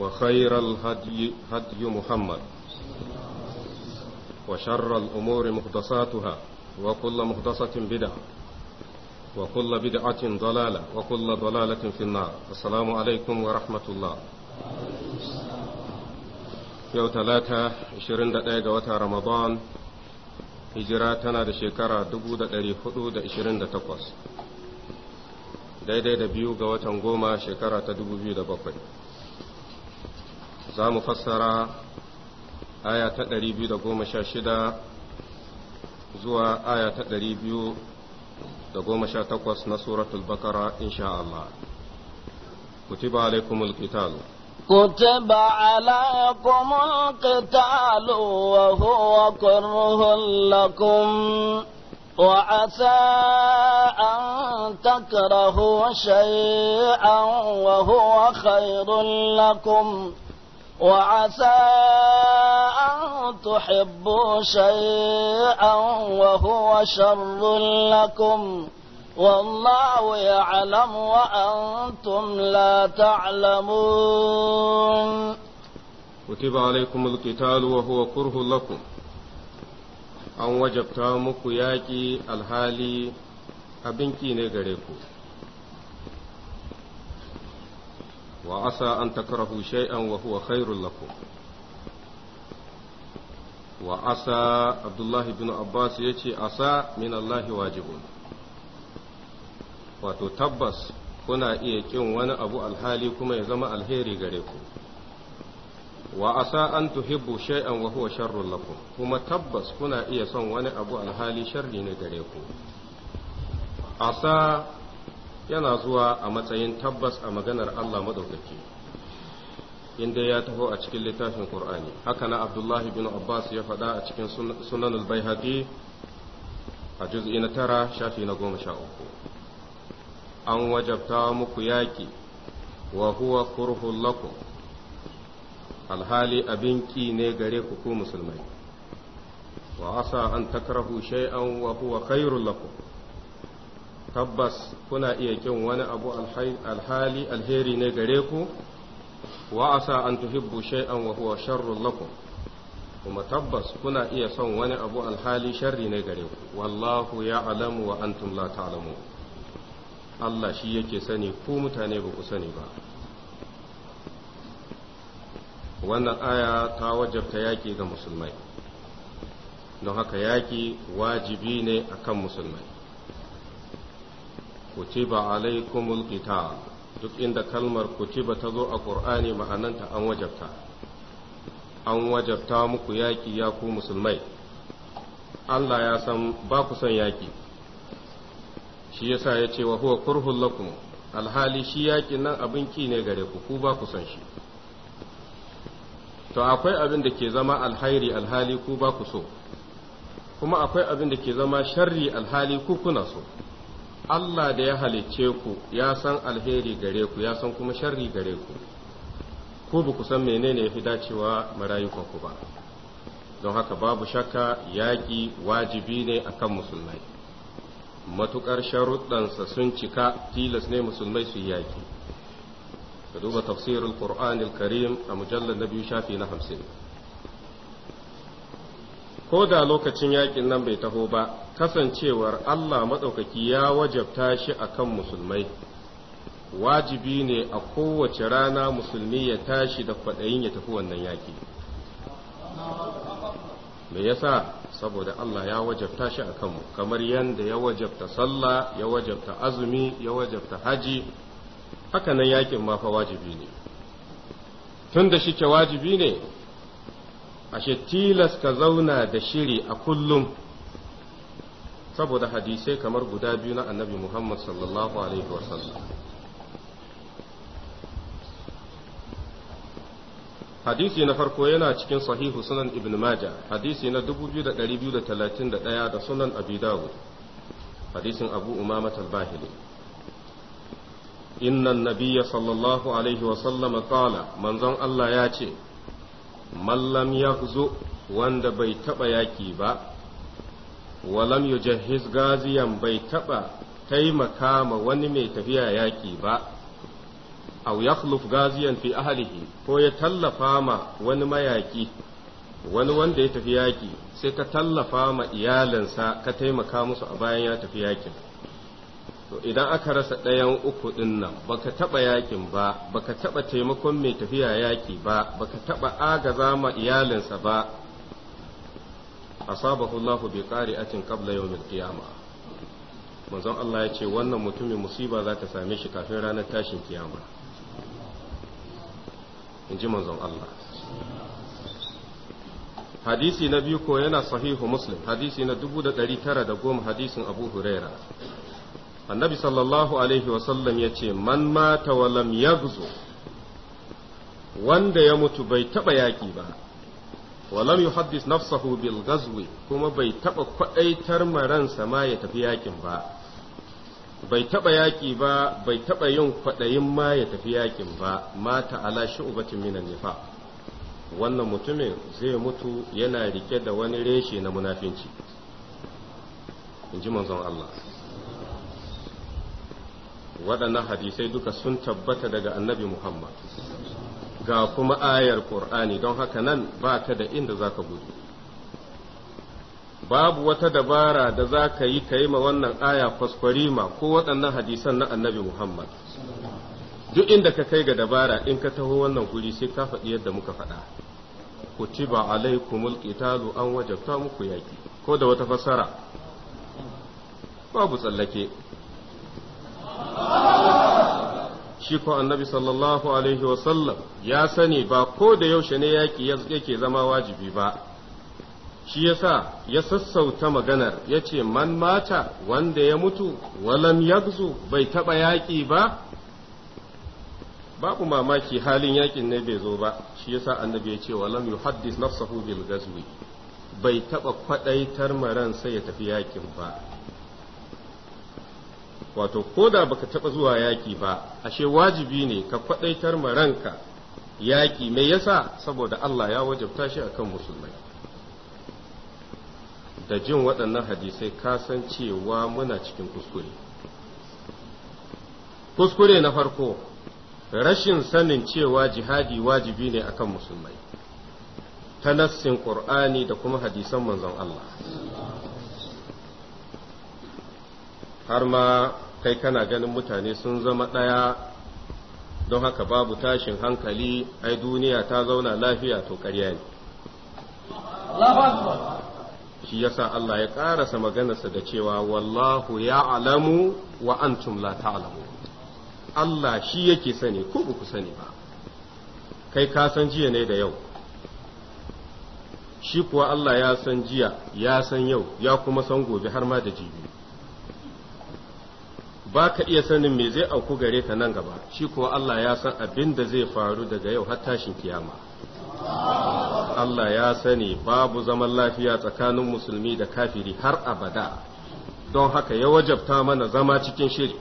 وخير الهدي هدي محمد وشر الأمور مهدساتها وكل مهدسة بدعة وكل بدعة ضلالة وكل ضلالة في النار السلام عليكم ورحمة الله يو ثلاثة عشرين دقيقة رمضان هجراتنا لشيكرا دبو دقري حدود عشرين تقص daidai دا biyu ga بيو goma shekara ta dubu biyu da bakwai za mu fassara aya ta 216 zuwa aya ta 218 na suratul bakara insha Allah كتب عليكم القتال كتب عليكم القتال وهو كره لكم وعسى أن تكرهوا شيئا وهو خير لكم وعسى أن تحبوا شيئا وهو شر لكم والله يعلم وأنتم لا تعلمون كتب عليكم القتال وهو كره لكم أن وجبتا مكو ياكي الحالي أبنكي نغريكو وعسى أن تكرهوا شيئا وهو خير لكم وعسى عبد الله بن عباس يتي عسى من الله واجب وتتبس kuna iya kin wani abu alhali kuma ya zama alheri gare ku wa an tuhibbu shay'an wa huwa sharrun lakum kuma tabbas kuna iya son wani abu alhali sharri na gare ku asa yana zuwa a matsayin tabbas a maganar Allah In inda ya taho a cikin littafin ƙur'ani haka na Abdullahi bin Abbas ya faɗa a cikin Sunan al-Baihaqi a juz'i na tara shafi na goma sha uku an wajabta muku yaƙi wa huwa kurhun alhali abin ƙi ne gare ku ku musulmai wa asa an takrahu shay'an wa huwa khairul lakum tabbas kuna iya kin wani abu alhali alheri ne gare ku wa asa an tuhibbu shay'an wa huwa sharrun lakum kuma tabbas kuna iya son wani abu alhali sharri ne gare ku wallahu ya'lamu wa antum la ta'lamu Allah shi yake sani ku mutane ba ku sani ba wannan aya ta wajabta yaki ga musulmai don haka yaki wajibi ne akan musulmai kutiba alaikumul qital duk inda kalmar kutiba ta zo a qur'ani ma'ananta an wajabta an wajabta muku yaƙi ya ku musulmai Allah ya san ba ku son yaki shi yasa ya ce wa huwa kurhul lakum alhali shi yaƙi nan abin ki ne gare ku ku ba ku son shi to akwai abin da ke zama alhairi alhali ku ba ku so kuma akwai abin da ke zama sharri alhali ku kuna so Allah da ya halicce ku ya san alheri gare ku ya san kuma sharri gare ku ku ba ku san menene ya fi dacewa marayukanku ba don haka babu shakka yaƙi wajibi ne akan musulmai matuƙar sharuɗansa sun cika tilas ne musulmai su yaƙi ka duba tafsirul qur'anil karim a mujallar na biyu shafi na hamsin ko da lokacin yaƙin nan bai taho ba kasancewar Allah maɗaukaki ya wajabta shi akan musulmai wajibi ne a kowace rana musulmi ya tashi da kwaɗayin ya tafi wannan yaƙi me yasa saboda Allah ya wajabta shi a kanmu kamar yadda ya wajabta sallah ya wajabta azumi ya wajabta haji haka nan yaƙin ma wajibi ne tun da shi ke wajibi ne ashe tilas ka zauna da shiri a kullum saboda hadisai kamar guda biyu na annabi Muhammad sallallahu alaihi wasallam hadisi na farko yana cikin sahihu sunan ibn maja hadisi na 2231 da sunan abi dawud hadisin abu umama al-bahili innan Nabiya sallallahu alaihi wasallam qala manzon Allah ya ce mallam ya wanda bai taba yaki ba walam yujahhiz gaziyan bai taba taimaka ma wani mai tafiya yaki ba aw yakhluf gaziyan fi ahlihi ko ya tallafa ma wani mayaki wani wanda ya tafi yaki sai ka tallafa ma iyalinsa ka taimaka musu a bayan ya tafi yakin to idan aka rasa ɗayan uku ɗin nan baka taɓa yakin ba baka taɓa taimakon mai tafiya yaki ba baka taɓa agaza ma iyalinsa ba asabahu Allahu bi qari'atin qabla yawmil qiyamah manzon Allah ya ce wannan mutumin musiba za ta same shi kafin ranar tashin kiyama in ji manzon Allah hadisi na biyu ko yana sahihu muslim hadisi na 1910 hadisin abu huraira annabi sallallahu alaihi wasallam ya ce man mata walam yagzo wanda ya mutu bai taɓa yaƙi ba walam yuhaddis nafsahu bil ghazwi kuma bai taba kwadaitar maransa ma ya tafi yaƙin ba bai taɓa yaƙi ba bai taɓa yin kwaɗayin ma ya tafi yaƙin ba mata ala shu'batin minan nifaq wannan mutumin zai mutu yana rike da wani reshe na munafinci Inji ji manzon Allah waɗannan hadisai duka sun tabbata daga annabi Muhammad ga kuma ayar Qur'ani don haka nan ba ta da inda za ka gudu. Babu wata dabara da zaka yi ka yi ma wannan aya kwaskwarima ko waɗannan hadisan na annabi Muhammad. Duk inda ka kai ga dabara in ka taho wannan guri sai ka faɗi yadda muka faɗa. Kutiba alaikumul qitalu an wajabta muku yaki ko da wata fassara. Babu tsallake. shi ko annabi sallallahu alaihi wasallam ya sani ba ko da yaushe ne yaki yake zama wajibi ba shi yasa ya sassauta maganar ya ce man mata wanda ya mutu walam yagzu bai taɓa yaƙi ba babu mamaki halin yaƙin ne bai zo ba shi yasa annabi ya ce walam yuhaddis nafsahu bil gazwi bai taɓa kwaɗaitar maran sai ya tafi yaƙin ba wato ko da baka taɓa zuwa yaƙi ba ashe wajibi ne ka kwaɗaitar ma ranka yaƙi me yasa saboda Allah ya wajabta shi akan musulmai da jin waɗannan hadisai ka san cewa muna cikin kuskure kuskure na farko rashin sanin cewa jihadi wajibi ne akan musulmai ta nassin ƙur'ani da kuma hadisan manzon Allah har ma kai kana ganin mutane sun zama ɗaya don haka babu tashin hankali ai duniya ta zauna lafiya to ƙarya ne shi yasa Allah ya ƙarasa maganarsa da cewa wallahu ya alamu wa antum la ta'lamu Allah shi yake sani ko ku sani ba kai ka san jiya ne da yau shi kuwa Allah ya san jiya ya san yau ya kuma san gobe har ma da jibi ba ka iya sanin me zai auku gare ka nan gaba shi kuwa Allah ya san abin da zai faru daga yau har tashin kiyama Allah ya sani babu zaman lafiya tsakanin musulmi da kafiri har abada don haka ya wajabta mana zama cikin shiri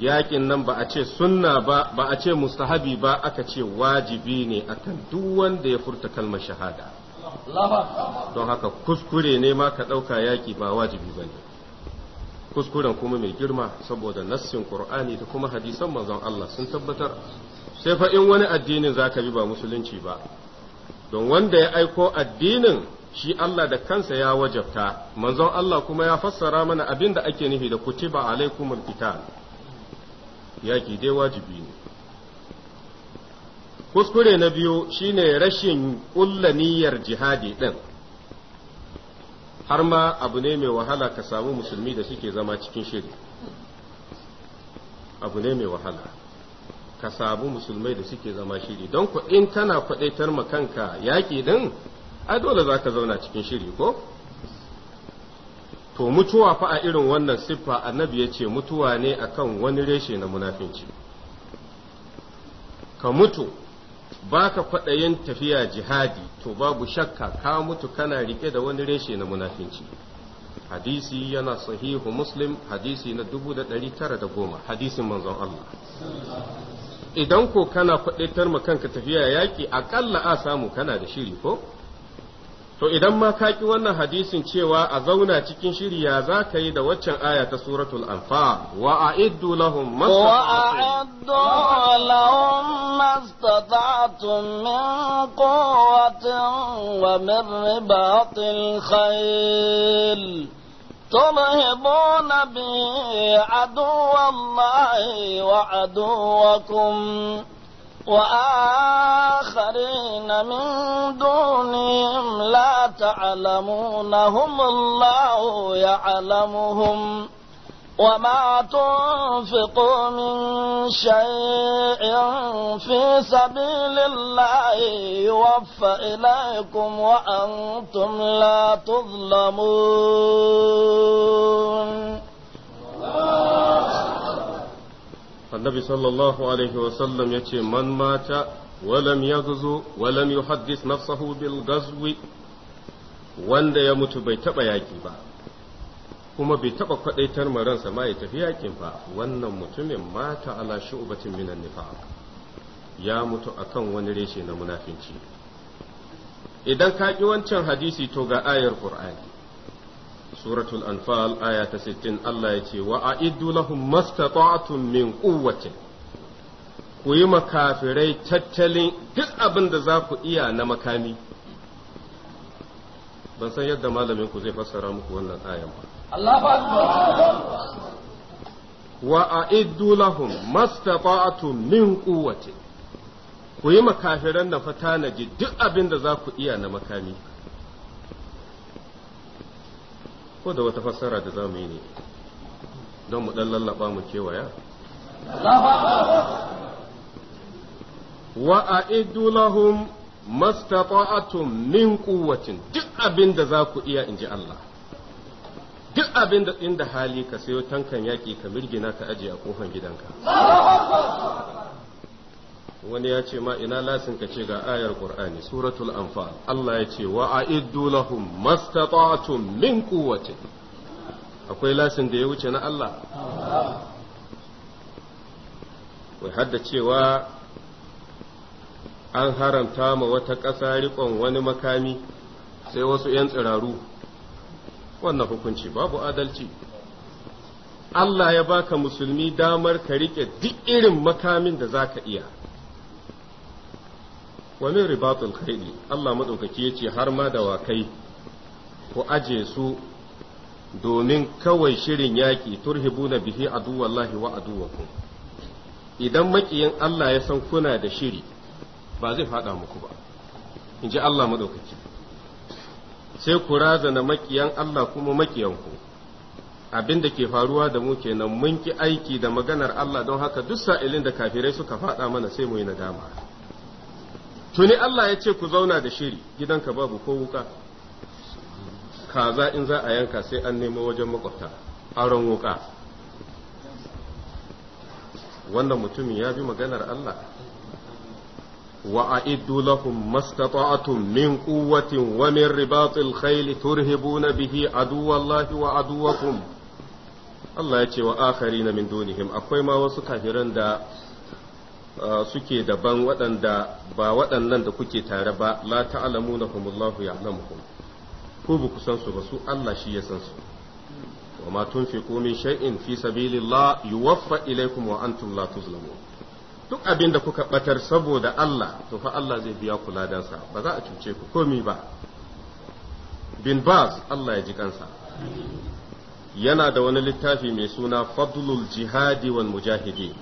yakin nan ba a ce sunna ba ba a ce mustahabi ba aka ce wajibi ne akan duk wanda ya furta kalmar shahada don haka kuskure ne ma ka ɗauka yaki ba wajibi ba ne kuskuren kuma mai girma saboda nassin qur'ani da kuma hadisan manzon Allah sun tabbatar sai fa in wani addinin zaka bi ba musulunci ba don wanda ya aiko addinin shi Allah da kansa ya wajabta manzon Allah kuma ya fassara mana abin da ake nufi da kutiba alaikumul qital yaki dai wajibi ne kuskure na biyu shine rashin ƙulla jihadi din har ma abu ne mai wahala ka samu musulmi da suke zama cikin shiri abu ne mai wahala ka samu musulmai da suke zama shiri don ku in kana kwadaitar ma kanka yaƙi din ai dole za ka zauna cikin shiri ko to mutuwa fa a irin wannan siffa annabi ya ce mutuwa ne akan wani reshe na munafinci ka mutu baka kwaɗayin tafiya jihadi to babu shakka ka mutu kana rike da wani reshe na munafinci hadisi yana sahihu muslim hadisi na 1910 hadisin manzon Allah idan ko kana kwaɗaitar ma kanka tafiya yaƙi aƙalla a samu kana da shiri ko to idan ma ka ki wannan hadisin cewa a zauna cikin shiri ya za ka yi da waccan aya ta suratul anfal wa a'iddu lahum mastata'tum wa من قوة ومن رباط الخيل ترهبون به عدو الله وعدوكم وآخرين من دونهم لا تعلمونهم الله يعلمهم وما تنفقوا من شيء في سبيل الله يوفى إليكم وأنتم لا تظلمون النبي صلى الله عليه وسلم يتي من مات ولم يغزو ولم يحدث نفسه بالغزو وان يموت mutu bai taɓa kuma bai taɓa kwaɗaitar maransa ransa ma ya tafi yakin fa wannan mutumin mata ala shu'batin minan nifaq ya mutu akan wani reshe na munafinci idan ka ƙi wancan hadisi to ga ayar qur'ani suratul anfal aya ta 60 Allah ya ce wa a'iddu lahum mastata'tum min quwwatin ku yi makafirai tattalin duk abin da za ku iya na makami ban san yadda malamin ku zai fassara muku wannan ayan ba wa a'iddu lahum mastata'tum min kuwace, ku yi makafiran na fata na ji duk abin da za ku iya na makami ko da wata fassara da za mu yi ne don mu dan lallaba mu kewaya wa a'iddu lahum mastata'tum min kuwacin duk abin da za ku iya in ji Allah duk abin da inda hali ka sayo tankan yaƙi ka mirgina ka ajiye a kofan gidanka wani ya ce ma ina lasin ka ce ga ayar qur'ani suratul anfal Allah ya ce wa a'iddu lahum mastata'tum min quwwati akwai lasin da ya wuce na Allah wai hadda cewa an haramta ma wata ƙasa riƙon wani makami sai wasu 'yan tsiraru wannan hukunci babu adalci Allah ya baka musulmi damar ka rike duk irin makamin da zaka iya wa min ribatul khayli Allah madaukaki yace har ma da wakai ku aje su domin kawai shirin yaki turhibuna bihi aduwallahi wa aduwakum idan makiyin Allah ya san kuna da shiri ba zai fada muku ba in ji Allah madaukaki sai ku razana makiyan Allah kuma makiyanku abin da ke faruwa da mu kenan mun ki aiki da maganar Allah don haka duk sa'ilin da kafirai suka faɗa mana sai mu yi nadama tuni Allah ya ce ku zauna da shiri gidanka babu ko wuka kaza in za a yanka sai an nemo wajen makwabta aron wuka wannan mutumin ya bi maganar Allah وأعدوا لهم ما استطعتم من قوة ومن رباط Allah ya ce wa akharina min dunihim akwai ma wasu kafiran da suke daban waɗanda ba waɗannan da kuke tare ba la ta'lamu lahumullahu ya'lamuhum ko ba san su ba su Allah shi ya san su wa ma tunfiqu min shay'in fi sabilillah waffa ilaikum wa antum la tuzlamun duk abin da kuka batar saboda Allah to fa Allah zai biya ku ladansa ba za a cuce ku komi ba bin Baz Allah ya ji kansa yana da wani littafi mai suna fadlul jihadi wal mujahidi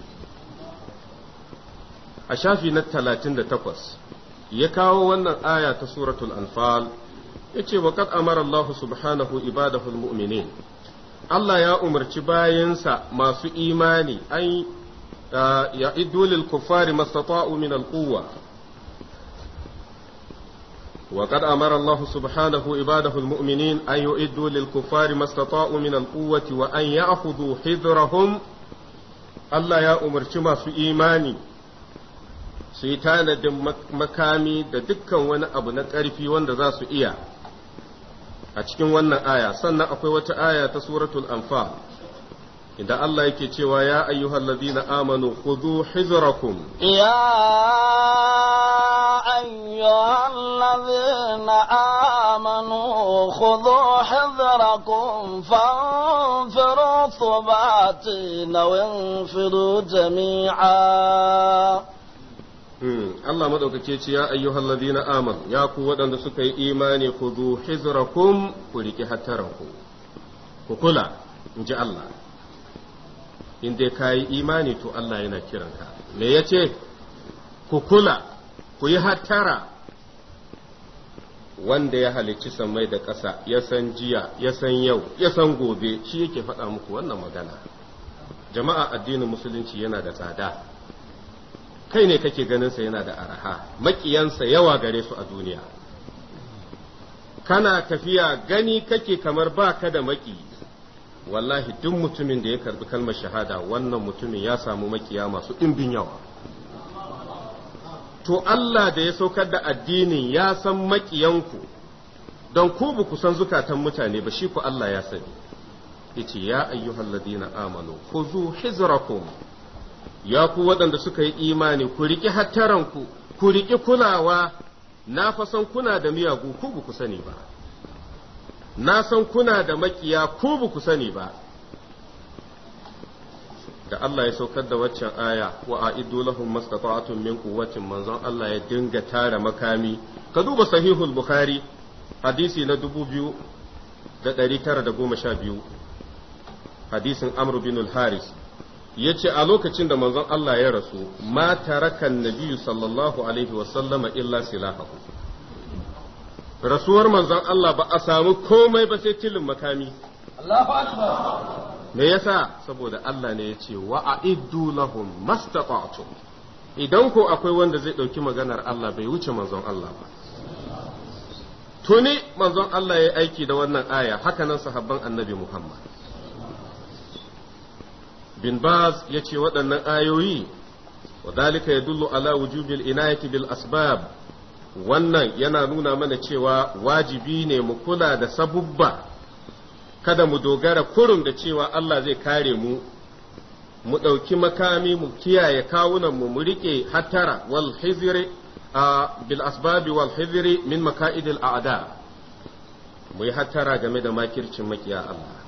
a shafi na talatin da takwas, ya kawo wannan aya ta suratul anfal yace wa qad amara Allah subhanahu ibadahu al mu'minin Allah ya umarci bayansa masu imani an. ya iddu lil kuffari mastata'u min al quwwa وقد أمر الله سبحانه عباده المؤمنين أن يؤدوا للكفار ما Allah ya umarci masu imani su tanadin makami da dukkan wani abu na ƙarfi wanda za su iya a cikin wannan aya sannan akwai wata aya ta suratul amfa. inda Allah yake cewa ya ayyuhal ladina amanu khudhu hizrakum ya ayyuhal ladina amanu khudhu hizrakum fanfiru thubati law infiru jami'a hmm. Allah madaukake ce ya ayyuhal ladina amanu ya ku waɗanda suka yi imani khudhu hizrakum ku riki hattaranku ku kula in ji Allah in dai ka yi imani to Allah yana kiranka me yace ku kula ku yi hattara wanda ya halicci samai da ƙasa ya san jiya ya san yau ya san gobe shi yake faɗa muku wannan magana jama'a addinin musulunci yana da tsada kai ne kake ganinsa yana da araha maƙiyansa yawa gare su a duniya kana tafiya gani kake kamar ba ka da maki wallahi duk mutumin da ya karbi kalmar shahada wannan mutumin ya samu makiya masu ɗimbin yawa to Allah da ya saukar da addinin ya san makiyanku don ku ba ku san zukatan mutane ba shi ku Allah ya sani yace ya ayyuhal ladina amanu khuzu hizrakum ya ku waɗanda suka yi imani ku riƙi hattaranku ku riki kulawa na fasan kuna da miyagu ku ba ku sani ba na san kuna da makiya ko ba ku sani ba da Allah ya saukar da waccan aya wa a lahum mastata'atun min quwwatin manzon Allah ya dinga tara makami ka duba sahihul bukhari hadisi na 2912 hadisin amr bin al-haris yace a lokacin da manzon Allah ya rasu ma tarakan nabiyyu sallallahu alaihi wa sallama illa silahahu rasuwar manzon Allah ba a samu komai ba sai tilin makami Allahu akbar me yasa saboda Allah ne ya ce wa'iddu lahum mastata'tum idan ko akwai wanda zai ɗauki maganar Allah bai wuce manzon Allah ba tuni manzon Allah ya aiki da wannan aya hakanan sahabban annabi Muhammad bin Baz ya ce waɗannan ayoyi wa dalika yadullu ala wujubil inayati bil asbab wannan yana nuna mana cewa wajibi ne mu kula da sabubba kada mu dogara kurum da cewa Allah zai kare mu mu ɗauki makami mu kiyaye kawunan mu riƙe hatara wal hizri bil asbabi wal hizri min maka'idil a'da mu yi hattara game da makircin makiya Allah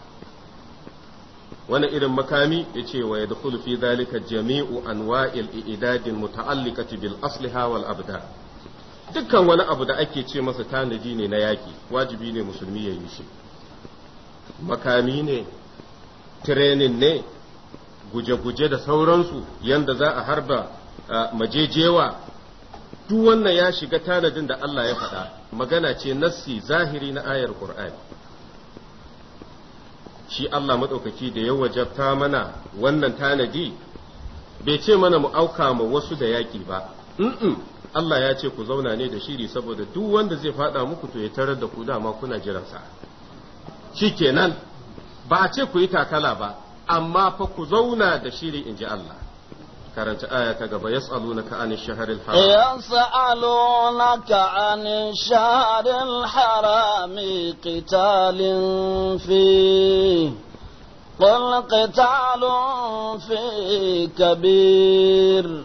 wani irin makami ya ce wa ya fi zalika jami'u anwa'il i'idadin muta'alliqati bil asliha wal abda dukkan wani abu da ake ce masa tanadi ne na yaƙi wajibi ne musulmi ya yi shi makami ne tirenin ne guje-guje da sauransu yanda za a harba majejewa duk wannan ya shiga tanadin da Allah ya faɗa magana ce nassi zahiri na ayar Kur'ani. shi Allah maɗaukaki da ya wajabta mana wannan tanadi bai ce mana mu auka ma wasu da yaƙi ba Allah ya ce ku zauna ne da shiri saboda duk wanda zai faɗa muku to ya tarar da ku dama kuna jiransa shikenan ba a ce ku yi takala ba amma fa ku zauna da shiri in ji Allah karanta aya ta gaba yas'alunaka ka'anin shahril haram yas'alunaka ka'anin shahril harami Kitalin fi قل قتال فيه كبير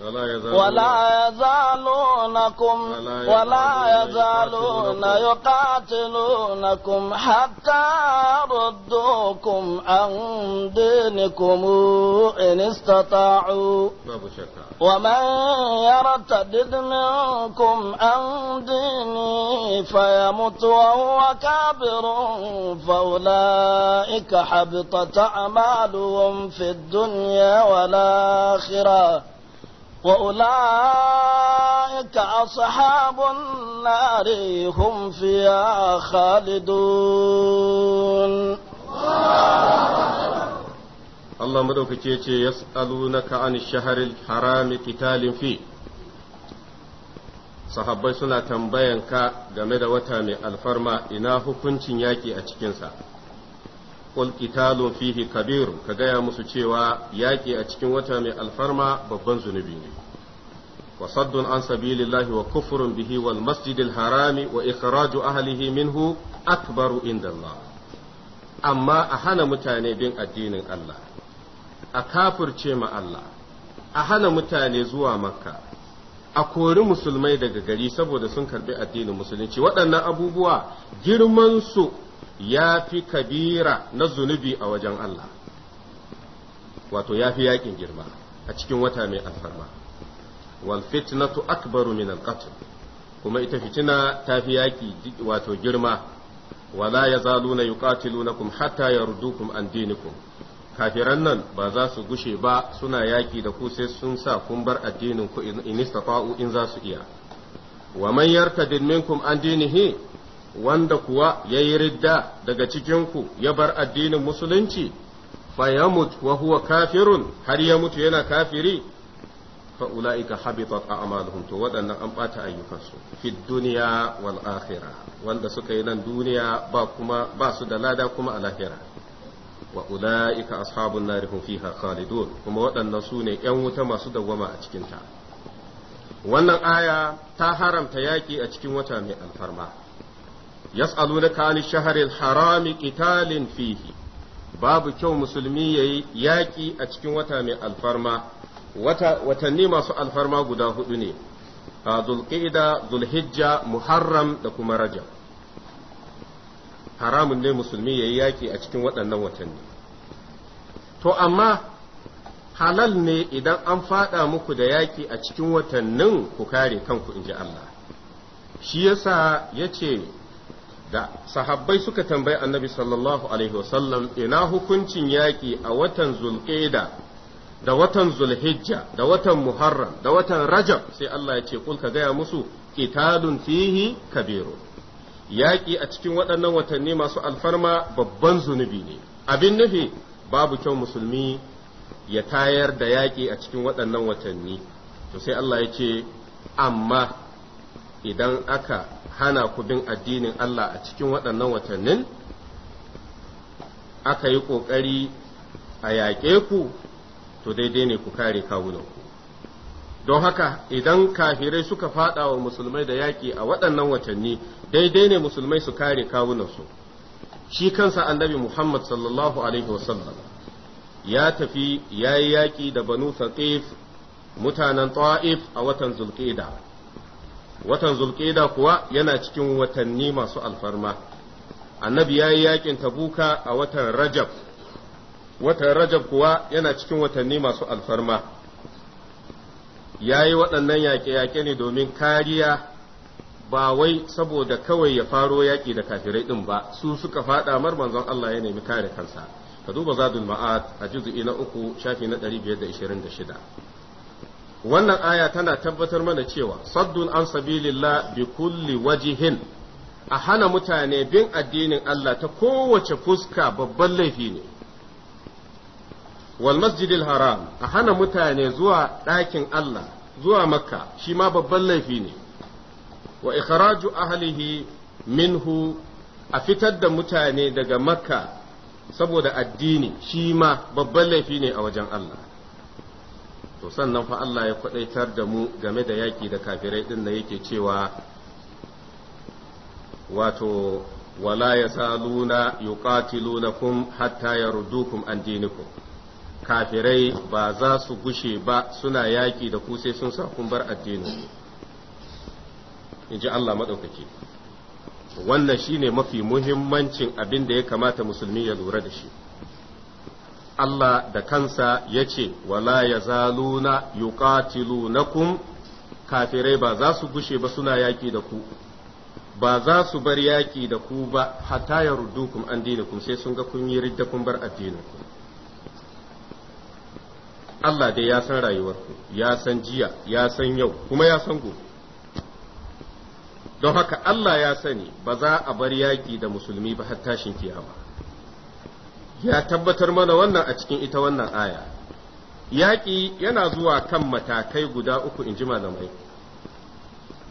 ولا يزالونكم ولا يزالون يقاتلونكم حتى يردوكم عن دينكم إن استطاعوا ومن يرتد منكم عن ديني فيمت وهو كابر فأولئك حبطت أعمالهم في الدنيا والآخرة وأولئك أصحاب النار هم فيها خالدون Allah madaukake ce yas'alunaka an shaharil harami qitalin fi sahabbai suna tambayanka game da wata mai alfarma ina hukuncin yaƙi a cikinsa qul qitalu fihi ka gaya musu cewa yaƙi a cikin wata mai alfarma babban zunubi ne wa an sabilillahi wa kufrun bihi wal masjidil harami wa ikhraju ahlihi minhu akbaru indallah amma a hana mutane bin addinin Allah a kafirce ma Allah a hana mutane zuwa makka a kori musulmai daga gari saboda sun karɓi addinin musulunci waɗannan abubuwa girman su ya fi kabira na zunubi a wajen Allah wato ya fi yakin girma a cikin wata mai alfarma wal fitnatu akbaru min al kuma ita fitina ta fi yaki wato girma wala yazaluna yuqatilunakum hatta yardukum an dinikum kafiran nan ba za su gushe ba suna yaki da ku sai sun sa kun bar addinin ku in istafa'u in za su iya wa man yartadin minkum an dinihi wanda kuwa ya yi ridda daga cikinku ya bar addinin musulunci fayamut wa huwa kafirun har ya mutu yana kafiri fa ula'ika habitat a'maluhum to waɗannan an ɓata ayyukansu fi duniya wal akhirah wanda suka yi nan duniya ba kuma ba su da lada kuma a lahira wa ula'ika ashabun nari fiha khalidun kuma waɗannan su ne ƴan wuta masu dawwama a cikinta wannan aya ta haramta yaƙi a cikin wata mai alfarma yas'alunaka an shahril harami qitalin fihi babu kyau musulmi yayi yaki a cikin wata mai alfarma wata watanni masu alfarma guda hudu ne zulqa'ida zulhijja muharram da kuma rajab haramun ne musulmi yayi yaki a cikin waɗannan watanni to amma halal ne idan an faɗa muku da yaki a cikin watannin ku kare kanku inji Allah shi yasa yace da sahabbai suka tambayi annabi sallallahu alaihi wasallam ina hukuncin yaƙi a watan zulƙeda da watan zulhijja da watan muharram da watan rajab sai Allah ya ce kul ka gaya musu qitalun fihi kabiru yaƙi a cikin waɗannan watanni masu alfarma babban zunubi ne abin nufi babu kyau musulmi ya tayar da yaƙi a cikin waɗannan watanni to sai Allah ya ce amma idan aka hana ku bin addinin Allah a cikin waɗannan watannin aka yi ƙoƙari a yaƙe ku to daidai ne ku kare kawunanku don haka idan kafirai suka faɗa wa musulmai da yaƙi a waɗannan watanni daidai ne musulmai su kare kawunansu shi kansa annabi muhammad sallallahu alaihi wasallam ya tafi ya yi yaƙi da banu saqif mutanen ta'if a watan zulƙida watan zulƙeda kuwa yana cikin watanni masu alfarma annabi ya yi yakin tabuka a watan rajab watan rajab kuwa yana cikin watanni masu alfarma ya yi waɗannan yaƙe-yaƙe ne domin kariya ba wai saboda kawai ya faro yaƙi da kafirai ɗin ba su suka faɗa mar manzon Allah ya nemi kare kansa ka duba zadul ma'ad a juzu'i na uku shafi na 526 wannan aya tana tabbatar mana cewa saddun an sabilillah bi kulli wajihin a hana mutane bin addinin Allah ta kowace fuska babban laifi ne wal masjidil haram a hana mutane zuwa ɗakin Allah zuwa makka shi ma babban laifi ne wa ikhraju ahlihi minhu a fitar da mutane daga makka saboda addini shi ma babban laifi ne a wajen Allah to sannan fa Allah ya kwadaitar da mu game da yaki da kafirai din da yake cewa wato wala ya saluna yuqatilunakum hatta yardukum an dinikum kafirai ba za su gushe ba suna yaki da ku sai sun sa kun bar addinin in ji Allah maɗaukaki wannan shine mafi muhimmancin abin da ya kamata musulmi ya lura da shi Allah da kansa ya ce, Wala ya zaluna yuqatilunakum kafirai ba za su gushe ba suna yaƙi da ku, ba za su bar yaƙi da ku ba, hata ya rudukum an dinakum sai sun ga kun yi ridda kun bar ku. Allah dai ya san rayuwarku, ya san jiya, ya san yau, kuma ya san gobe. Don haka Allah ya sani ba za a bar yaƙi da musulmi ba har tashin kiyama. ya tabbatar mana wannan a cikin ita wannan aya yaƙi yana zuwa kan matakai guda uku in ji malamai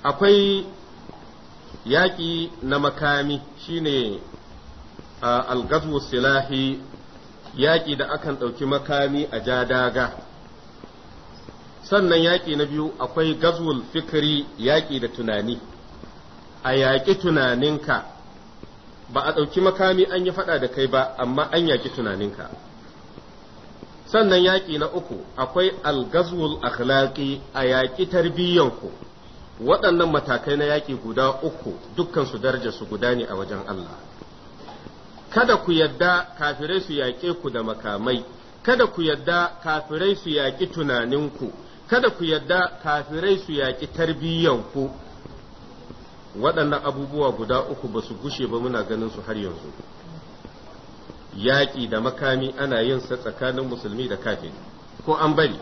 akwai yaƙi na makami shine algazwu silahi yaƙi da akan ɗauki makami a ja daga sannan yaƙi na biyu akwai gaswul fikiri yaƙi da tunani a yaƙi tunaninka ba a ɗauki makami an yi faɗa da kai ba amma an yaki tunaninka sannan yaƙi na uku akwai algazul akhlaqi a yaƙi tarbiyyanku waɗannan matakai na yaƙi guda uku dukkansu daraja su guda ne a wajen Allah kada ku yadda kafirai su yaƙe ku da makamai kada ku yadda kafirai su yaƙi tunaninku kada ku yadda kafirai su yaƙi tarbiyyanku waɗannan abubuwa guda uku ba su gushe ba muna ganin su har yanzu yaƙi da makami ana yin sa tsakanin musulmi da kafin ko an bari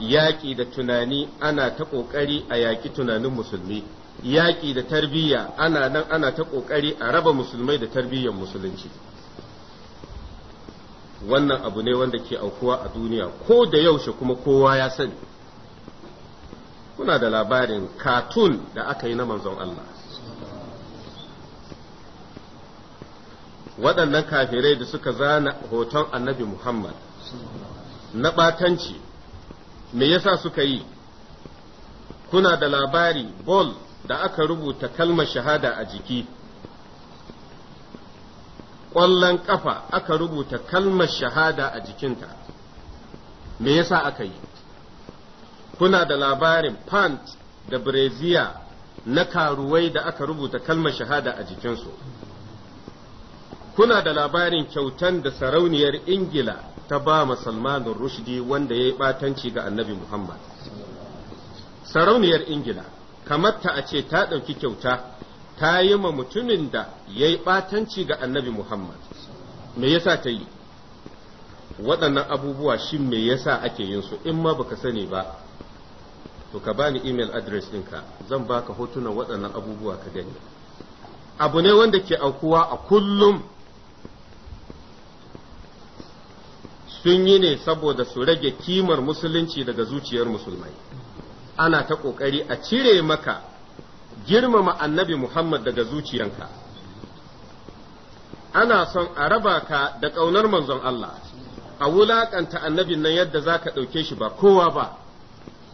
yaƙi da tunani ana ta ƙoƙari a yaƙi tunanin musulmi yaƙi da tarbiyya ana nan ana ta ƙoƙari a raba musulmai da tarbiyyar musulunci wannan abu ne wanda ke aukuwa a duniya ko da yaushe kuma kowa ya sani kuna da labarin katun da aka yi na manzon Allah waɗannan kafirai da suka zana hoton annabi Muhammad na ɓatanci me yasa suka yi kuna da labari bol da aka rubuta kalmar shahada a jiki ƙwallon ƙafa aka rubuta kalmar shahada a jikinta me yasa aka yi kuna da labarin pant da breziya na karuwai da aka rubuta kalmar shahada a jikinsu kuna da labarin kyautan da sarauniyar ingila ta ba musulmanin rushdi wanda ya yi batanci ga annabi muhammad sarauniyar ingila kamar ta a ce ta ɗauki kyauta ta yi ma mutumin da ya yi batanci ga annabi muhammad me yasa ta yi waɗannan abubuwa shi me yasa ake yin su in ma baka sani ba to ka bani email address ɗinka zan baka hotunan waɗannan abubuwa ka gani abu ne wanda ke aukuwa a kullum sun yi ne saboda su rage kimar musulunci daga zuciyar musulmai ana ta ƙoƙari a cire maka girmama annabi Muhammad daga zuciyanka ana son a raba ka da ƙaunar manzon Allah a wulaƙanta annabin nan yadda za ka ɗauke shi ba kowa ba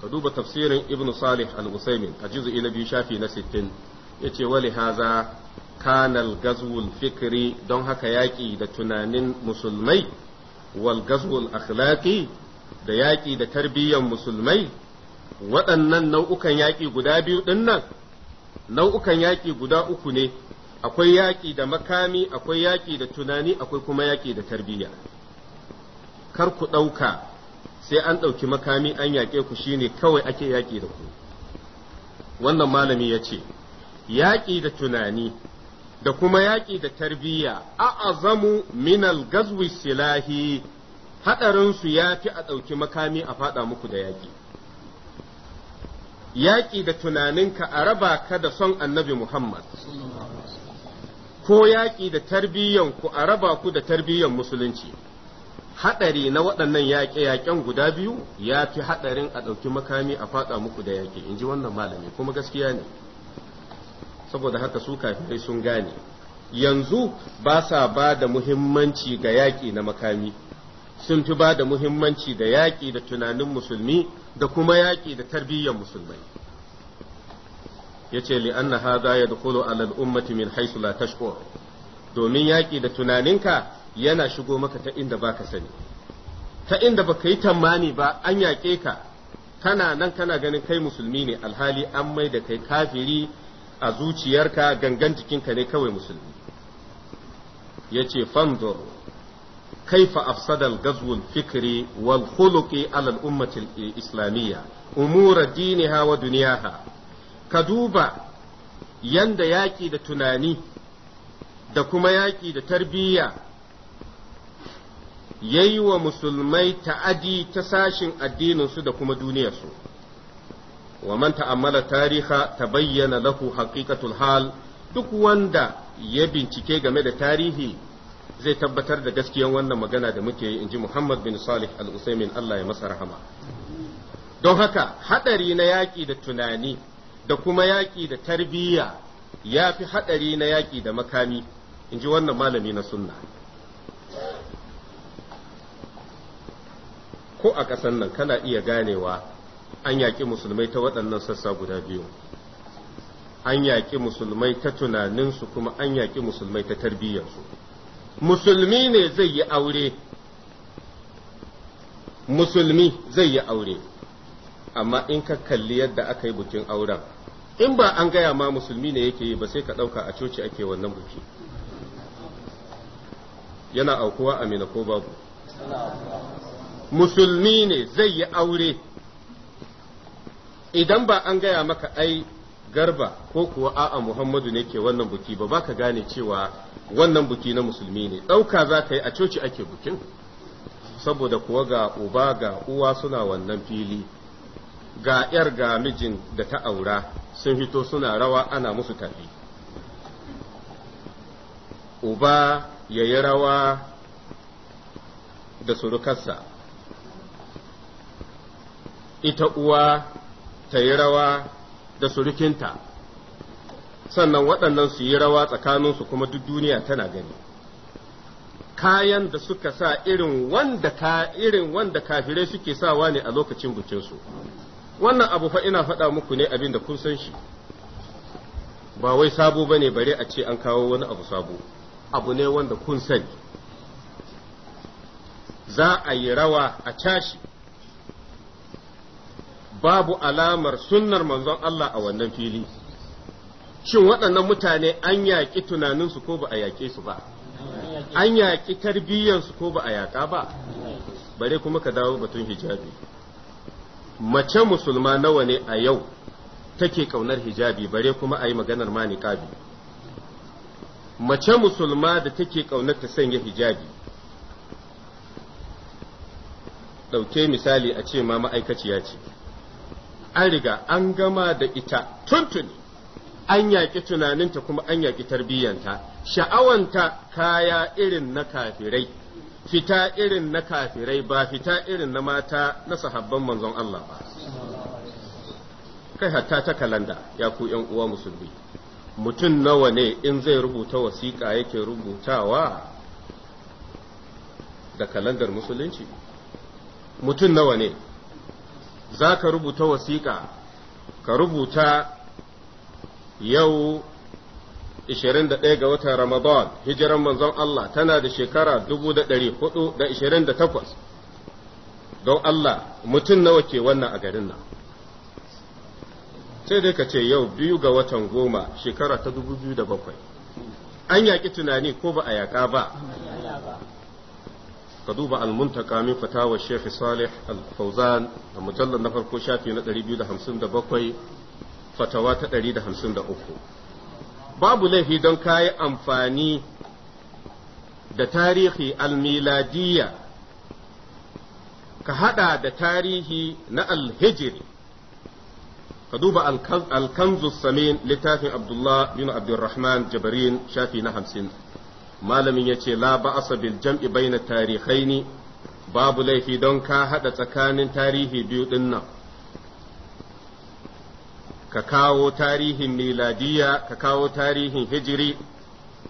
ka duba tafsirin ibnu salih al-usaimin a juz'i na biyu shafi na 60 yace wali haza kanal gazwul fikri don haka yaƙi da tunanin musulmai wal gazwul akhlaqi da yaƙi da tarbiyyar musulmai waɗannan nau'ukan yaƙi guda biyu din nan nau'ukan yaƙi guda uku ne akwai yaƙi da makami akwai yaƙi da tunani akwai kuma yaƙi da tarbiyya kar ku ɗauka sai an ɗauki makami an yaƙe ku shine kawai ake yaƙi da ku wannan malami ya ce yaƙi da tunani da kuma yaƙi da tarbiyya a'azamu minal gazwi silahi haɗarinsu ya fi a ɗauki makami a faɗa muku da yaƙi yaƙi da tunaninka a raba ka da son annabi Muhammad ko yaƙi da tarbiyyanku a raba ku da tarbiyyan musulunci haɗari na waɗannan yaƙe-yaƙen guda biyu ya fi haɗarin a ɗauki makami a faɗa muku da yaƙi in ji wannan malami kuma gaskiya ne saboda haka su kafirai sun gane yanzu ba sa ba da muhimmanci ga yaƙi na makami sun fi ba da muhimmanci da yaƙi da tunanin musulmi da kuma yaƙi da tarbiyyar musulmai ya ce li'anna hadha yadkhulu ala al-ummati min haythu la tashkur domin yaƙi da tunaninka yana shigo maka ta inda baka sani ta inda baka yi tamani ba an yaƙe ka kana nan kana ganin kai musulmi ne alhali an mai da kai kafiri a zuciyarka gangan jikinka ne kawai musulmi Ya yace fanzur kaifa afsadal gazwul fikri wal khuluqi ala al islamiyya umura diniha wa duniyaha ka duba yanda yaƙi da tunani da kuma yaƙi da tarbiyya yayi wa musulmai ta'adi ta sashin addininsu da kuma duniyarsu wa man ta'ammala tariha bayyana lahu haqiqatul hal duk wanda ya bincike game da tarihi zai tabbatar da gaskiyar wannan magana da muke yi inji Muhammad bin Salih al-Usaimin Allah ya masa rahama don haka hadari na yaƙi da tunani da kuma yaƙi da tarbiyya ya fi hadari na yaƙi da makami inji wannan malami na sunna ko a ƙasan nan kana iya ganewa an yaƙi musulmai ta waɗannan sassa guda biyu an yaƙi musulmai ta tunaninsu kuma an yaƙi musulmai ta tarbiyyarsu musulmi ne zai yi aure musulmi zai yi aure amma in ka kalli yadda aka yi bukin auren in ba an gaya ma musulmi ne yake yi ba sai ka ɗauka a coci ake wannan buki yana aukuwa amina ko babu musulmi ne zai yi aure idan ba an gaya maka ai garba ko kuwa a'a muhammadu ne ke wannan buki ba baka gane cewa wannan buki na musulmi ne ɗauka za ka yi a coci ake bukin saboda kuwa ga uba ga uwa suna wannan fili ga 'yar ga mijin da ta aura sun fito suna rawa ana musu tafi uba ya yi rawa da surukarsa ita uwa ta yi rawa da surukinta sannan waɗannan su yi rawa tsakaninsu kuma duk duniya tana gani kayan da suka sa irin wanda ka irin wanda kafirai suke sawa ne a lokacin bukinsu wannan abu fa ina faɗa muku ne abin da kun san shi ba wai sabo bane bare a ce an kawo wani abu sabo abu ne wanda kun sani za a yi rawa a cashi babu alamar sunnar manzon Allah a wannan fili shin waɗannan mutane an yaƙi tunaninsu ko ba a yaƙe su ba an yaƙi tarbiyyarsu ko ba a yaƙa ba bare kuma ka dawo batun hijabi mace musulma nawa ne a yau take ƙaunar hijabi bare kuma a yi maganar ma niƙabi mace musulma da take ƙaunar ta sanya hijabi ɗauke misali a ce ma ma'aikaciya ce an riga an gama da ita tuntuni an yaƙi tunaninta kuma an yaƙi tarbiyyanta sha'awanta kaya irin na kafirai fita irin na kafirai ba fita irin na mata na sahabban manzon Allah ba kai hatta ta kalanda ya ku ‘yan uwa musulmi mutum nawa ne in zai rubuta wasiƙa yake rubutawa da kalandar musulunci mutum nawa ne za ka rubuta wasiƙa ka rubuta yau 21 ga watan Ramadan hijiran manzon Allah tana da shekara 428 don Allah mutum nawa ke wannan a garin nan sai dai ka ce yau biyu ga watan goma shekara ta 2007 an yaƙi tunani ko ba a yaƙa ba ka duba al-muntaka min fatawa Sheikh Salih al-Fauzan a mujallar na farko shafi na 257 fatawa ta 153 babu laifi don kayi amfani da tarihi al-miladiyya ka haɗa da tarihi na al Kaduba alkanzu duba samin littafin Abdullah bin Abdurrahman Jabarin shafi na malamin ya ce la ba'asa bil jam'i baina tarihaini babu laifi don ka haɗa tsakanin tarihi biyu ɗin ka kawo tarihin miladiya ka kawo tarihin hijiri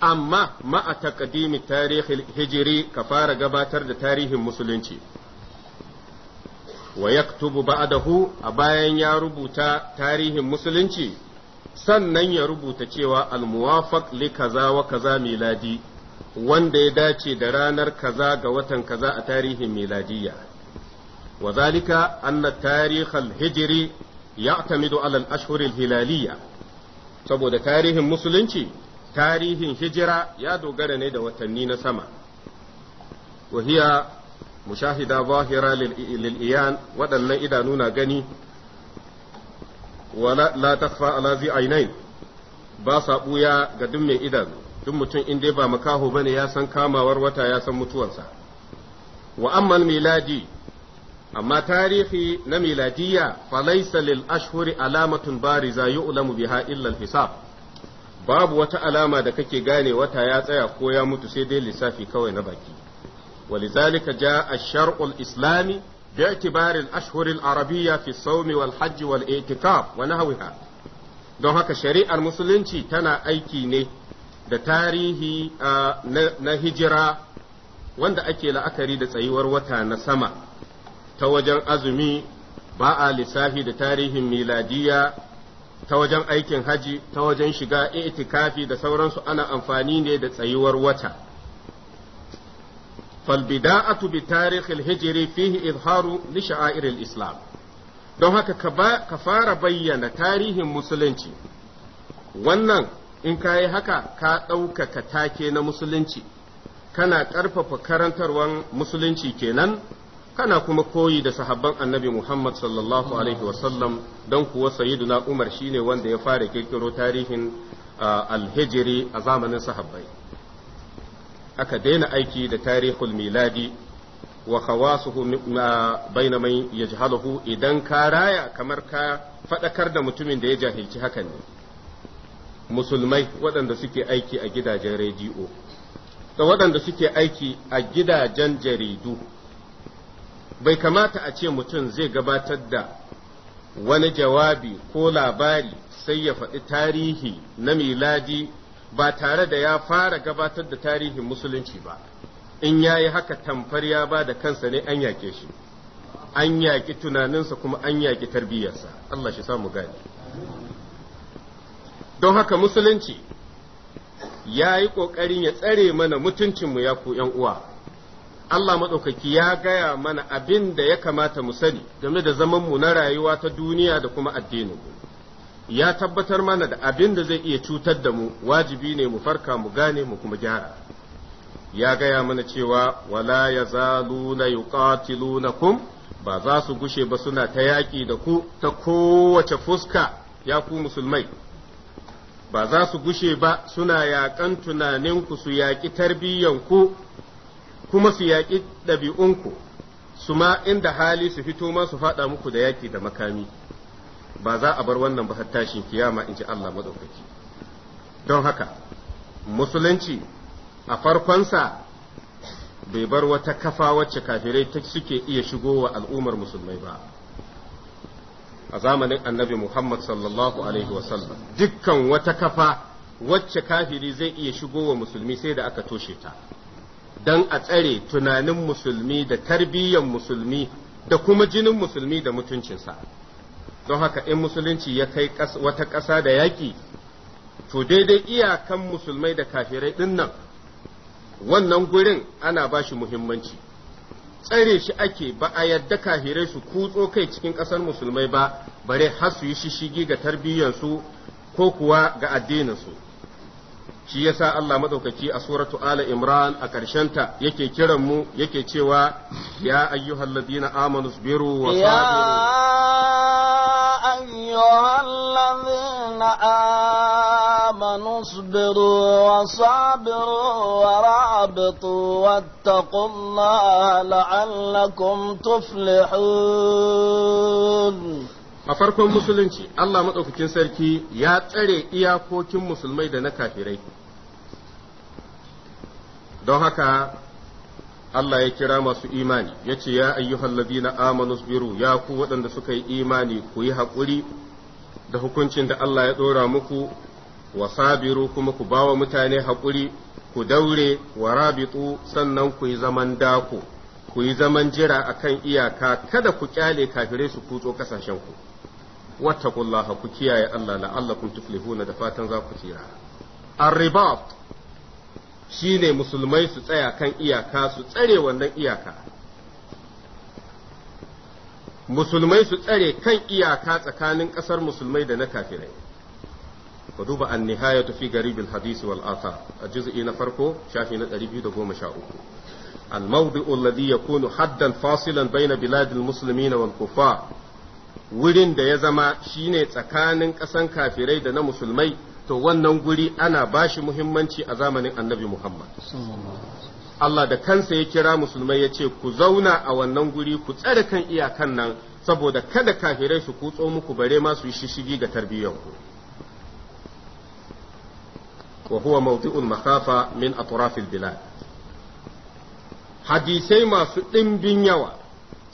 amma ma'a taqdimi tarihin hijiri ka fara gabatar da tarihin musulunci wa yaktubu ba'dahu a bayan ya rubuta tarihin musulunci sannan ya rubuta cewa almuwafaq li kaza wa kaza miladi wanda ya dace da ranar kaza ga watan kaza a tarihin miladiyya wa zalika anna tarihal hijri ya'tamidu ala al-ashhur al-hilaliyya saboda tarihin musulunci tarihin hijira ya dogara ne da watanni na sama wa mushahida zahira lil iyan Waɗannan idanu na gani wala la takfa ala zi ba sa buya ga duk mai idanu duk mutum in dai ba makaho ne ya san kamawar wata ya san mutuwarsa wa ammal miladi amma tarihi na miladiyya falaysa lil ashhuri alamatun bariza yu'lamu biha illa al hisab babu wata alama da kake gane wata ya tsaya ko ya mutu sai dai lissafi kawai na baki ولذلك جاء الشرع الإسلامي باعتبار الأشهر العربية في الصوم والحج والاعتكاف ونحوها don haka shari'ar musulunci tana aiki ne da tarihi na hijira wanda ake la'akari da tsayuwar wata na sama ta wajen azumi ba a lissafi da tarihin miladiya ta wajen aikin haji ta wajen shiga itikafi da sauransu ana amfani ne da tsayuwar wata bi tarihil-hijiri fihi izharu إظهار sha'a'iril Islam don haka ka fara bayyana tarihin musulunci wannan in ka yi haka ka ɗaukaka take na musulunci kana ƙarfafa karantarwan musulunci kenan kana kuma koyi da sahabban annabi Muhammad sallallahu alaihi wasallam don kuwa sayyiduna Umar shine wanda ya fara kirkiro tarihin alhijiri a zamanin sahabbai aka daina aiki da tarihul miladi wa khawasuhu baina man yajhaluhu idan ka raya kamar ka faɗakar da mutumin da ya jahilci hakan ne musulmai waɗanda suke aiki a gidajen rediyo da waɗanda suke aiki a gidajen jaridu bai kamata a ce mutum zai gabatar da wani jawabi ko labari sai ya faɗi tarihi na miladi ba tare da ya fara gabatar da tarihin musulunci ba in ya yi haka tamfar ya ba da kansa ne an yaƙe shi an yaƙi tunaninsa kuma an yaƙi tarbiyyarsa Allah shi samu gani don haka musulunci ya yi ƙoƙarin ya tsare mana mutuncinmu ya ku uwa. Allah maɗaukaki ya gaya mana abin da ya kamata mu sani game da zamanmu na rayuwa ta duniya da kuma addininmu. Ya tabbatar mana da abin da zai iya cutar da mu wajibi ne mu farka mu gane mu kuma gyara. Ya gaya mana cewa wala ya zaluna kum ba za su gushe ba suna ta yaƙi da ku ta kowace fuska ya ku musulmai. ba za su gushe ba suna yaƙan tunaninku su yaƙi tarbiyyanku kuma su yaƙi ɗabi'unku su ma inda hali su fito ma su faɗa muku da yaƙi da makami ba za a bar wannan ba har tashin kiyama in ji Allah maɗaukaki don haka musulunci a farkonsa bai bar wata kafa wacce kafirai suke iya shigowa al'ummar musulmai ba a zamanin annabi Muhammad sallallahu alaihi wasallam dukkan wata kafa wacce kafiri zai iya shigo wa musulmi sai da aka toshe ta don a tsare tunanin musulmi da tarbiyyar musulmi da kuma jinin musulmi da mutuncinsa don haka in musulunci ya kai wata ƙasa da yaƙi to daidai iyakan musulmai da kafirai dinnan wannan gurin ana ba shi muhimmanci tsare shi ake ba a yadda kahirai su kutso kai cikin ƙasar musulmai ba bare har su yi shishigi ga tarbiyyarsu ko kuwa ga addininsu shi yasa Allah madaukaki a suratu ala imran a ta yake kiran mu yake cewa ya ayyuhal ladina amanu sabiru wa sabiru ya ayyuhal ladina amanu sabiru wa sabiru wa rabitu wattaqullaha la'allakum tuflihun a farkon musulunci Allah matsaukakin sarki ya tsare iyakokin musulmai da na kafirai don haka Allah ya kira masu imani ya ce ya ayyuhal na Amanus biru ya ku waɗanda suka yi imani ku yi haƙuri da hukuncin da Allah ya ɗora muku wa sabiru kuma ku bawa mutane haƙuri ku daure wa rabitu sannan ku yi zaman dako ku yi zaman jira akan iyaka kada ku kyale kafire su kutso kasashen ku kullaha ku kiyaye Allah la'allakum tuflihuna da fatan za ku tsira arribat Shi ne musulmai su tsaya kan iyaka su tsare wannan iyaka musulmai su tsare kan iyaka tsakanin ƙasar musulmai da na kafirai ku duba an nihaya fi garibil hadisi wal asa a juz'i na farko shafi na 213 الموضع haddan يكون حدا فاصلا بين بلاد المسلمين والكفار wurin da ya zama shine tsakanin ƙasan kafirai da na musulmai to wannan guri ana bashi muhimmanci a zamanin annabi Muhammad. Allah da kansa ya kira musulmai ya ce ku zauna a wannan guri ku tsare kan iyakan nan saboda kada kafirai su kutso muku bare ma su yi shishigi ga tarbiyyanku. wa huwa mawdi'ul makhafa min atrafil bilad hadisai masu ɗimbin yawa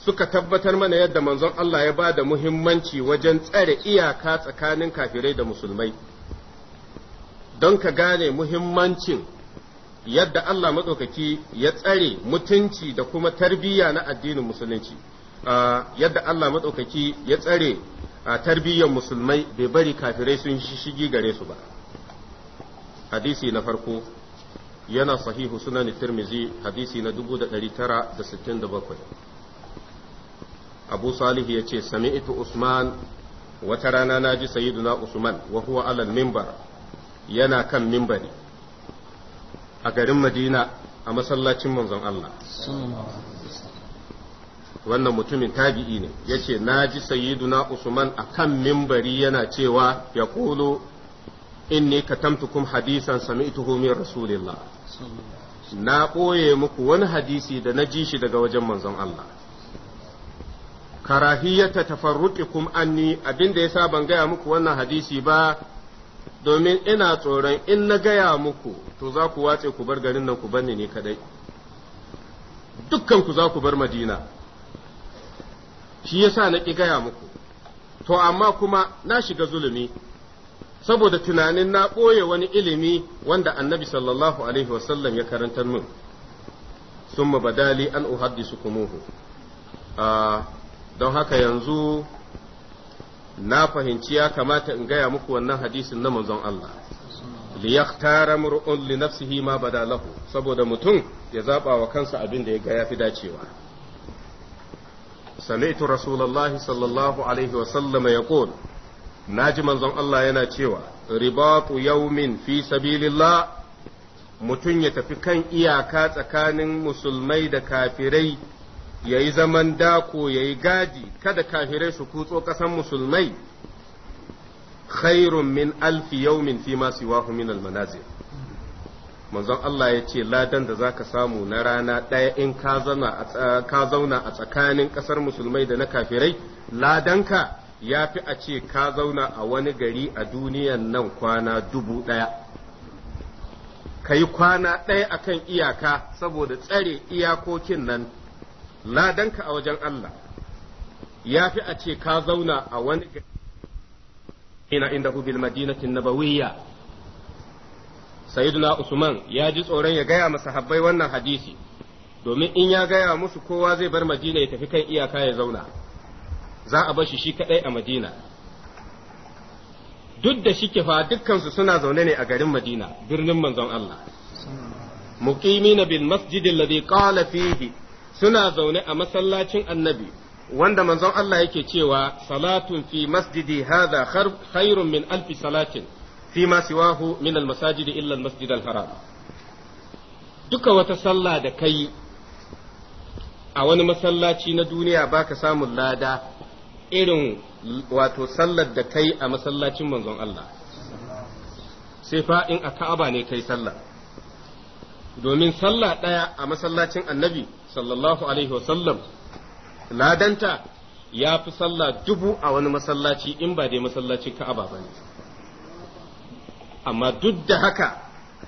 suka tabbatar mana yadda manzon Allah ya ba da muhimmanci wajen tsare iyaka tsakanin kafirai da musulmai don ka gane muhimmancin yadda Allah maɗaukaki ya tsare mutunci da kuma tarbiyya na addinin musulunci yadda Allah maɗaukaki ya tsare tarbiyyar musulmai bai bari kafirai sun shigi gare su ba hadisi na farko yana sahihu sunan tirmizi hadisi na 1967 abu salih ya ce ita usman wata rana na ji Sayiduna usman wa huwa alal mimbar yana kan mimbari a garin madina a masallacin manzon Allah wannan mutumin tabi'i ne ya ce na ji sayyiduna usman a kan mimbari yana cewa ya kolo inni katamtukum hadisan sami'tuhu min rasulillah na ɓoye muku wani hadisi da na ji shi daga wajen manzon Allah karahiyata kum anni abinda yasa ban gaya muku wannan hadisi ba domin ina tsoron in na gaya muku to za ku wace ku bar garin nan ku ni ne kadai dukkan ku za ku bar madina shi yasa na ki gaya muku to amma kuma na shiga zulumi saboda tunanin na ɓoye wani ilimi wanda annabi sallallahu alaihi wasallam ya karantar min sun badali an uhaddisu Kumuhu ah, don haka yanzu na fahimci ya kamata in gaya muku wannan hadisin na manzon Allah liyakhtara mar'un li nafsihi ma bada lahu saboda mutum ya zaba wa kansa abin da ya ga yafi dacewa sami'tu rasulullahi sallallahu alaihi wa sallam yaqul naji manzon Allah yana cewa ribatu yawmin fi sabilillah mutum ya tafi kan iyaka tsakanin musulmai da kafirai ya yi zaman dako ya yi gadi kada kafirai su kutso ƙasan musulmai khairun min alfi yaumin fi ma siwahu min almanazir manzon Allah ya ce ladan da zaka samu na rana ɗaya in ka zauna a tsakanin ƙasar musulmai da na kafirai ladanka ya fi a ce ka zauna a wani gari a duniyan nan kwana dubu ɗaya ka yi kwana ɗaya akan iyaka saboda tsare iyakokin nan ladanka a wajen Allah ya fi a ce ka zauna a wani ina inda bil madinatin nabawiyya sayyiduna usman ya ji tsoron ya gaya masa habbai wannan hadisi domin in ya gaya musu kowa zai bar madina ya tafi kan iyaka ya zauna za a bar shi shi kadai a madina duk da shi dukansu dukkansu suna zaune ne a garin madina birnin manzon Allah muqimina bil masjidil ladhi qala fihi suna zaune a masallacin annabi wanda manzon Allah yake cewa salatun fi masjidi hadha khairun min alfi salatin fi ma siwahu min almasajidi illa almasjid alharam duka wata sallah da kai a wani masallaci na duniya baka samun lada irin wato sallar da kai a masallacin manzon Allah sai fa in a ka'aba ne kai sallah domin sallah ɗaya a masallacin annabi sallallahu alaihi wasallam ladanta ya fi sallah dubu a wani masallaci in ba dai masallacin ka'aba ba ne amma duk da haka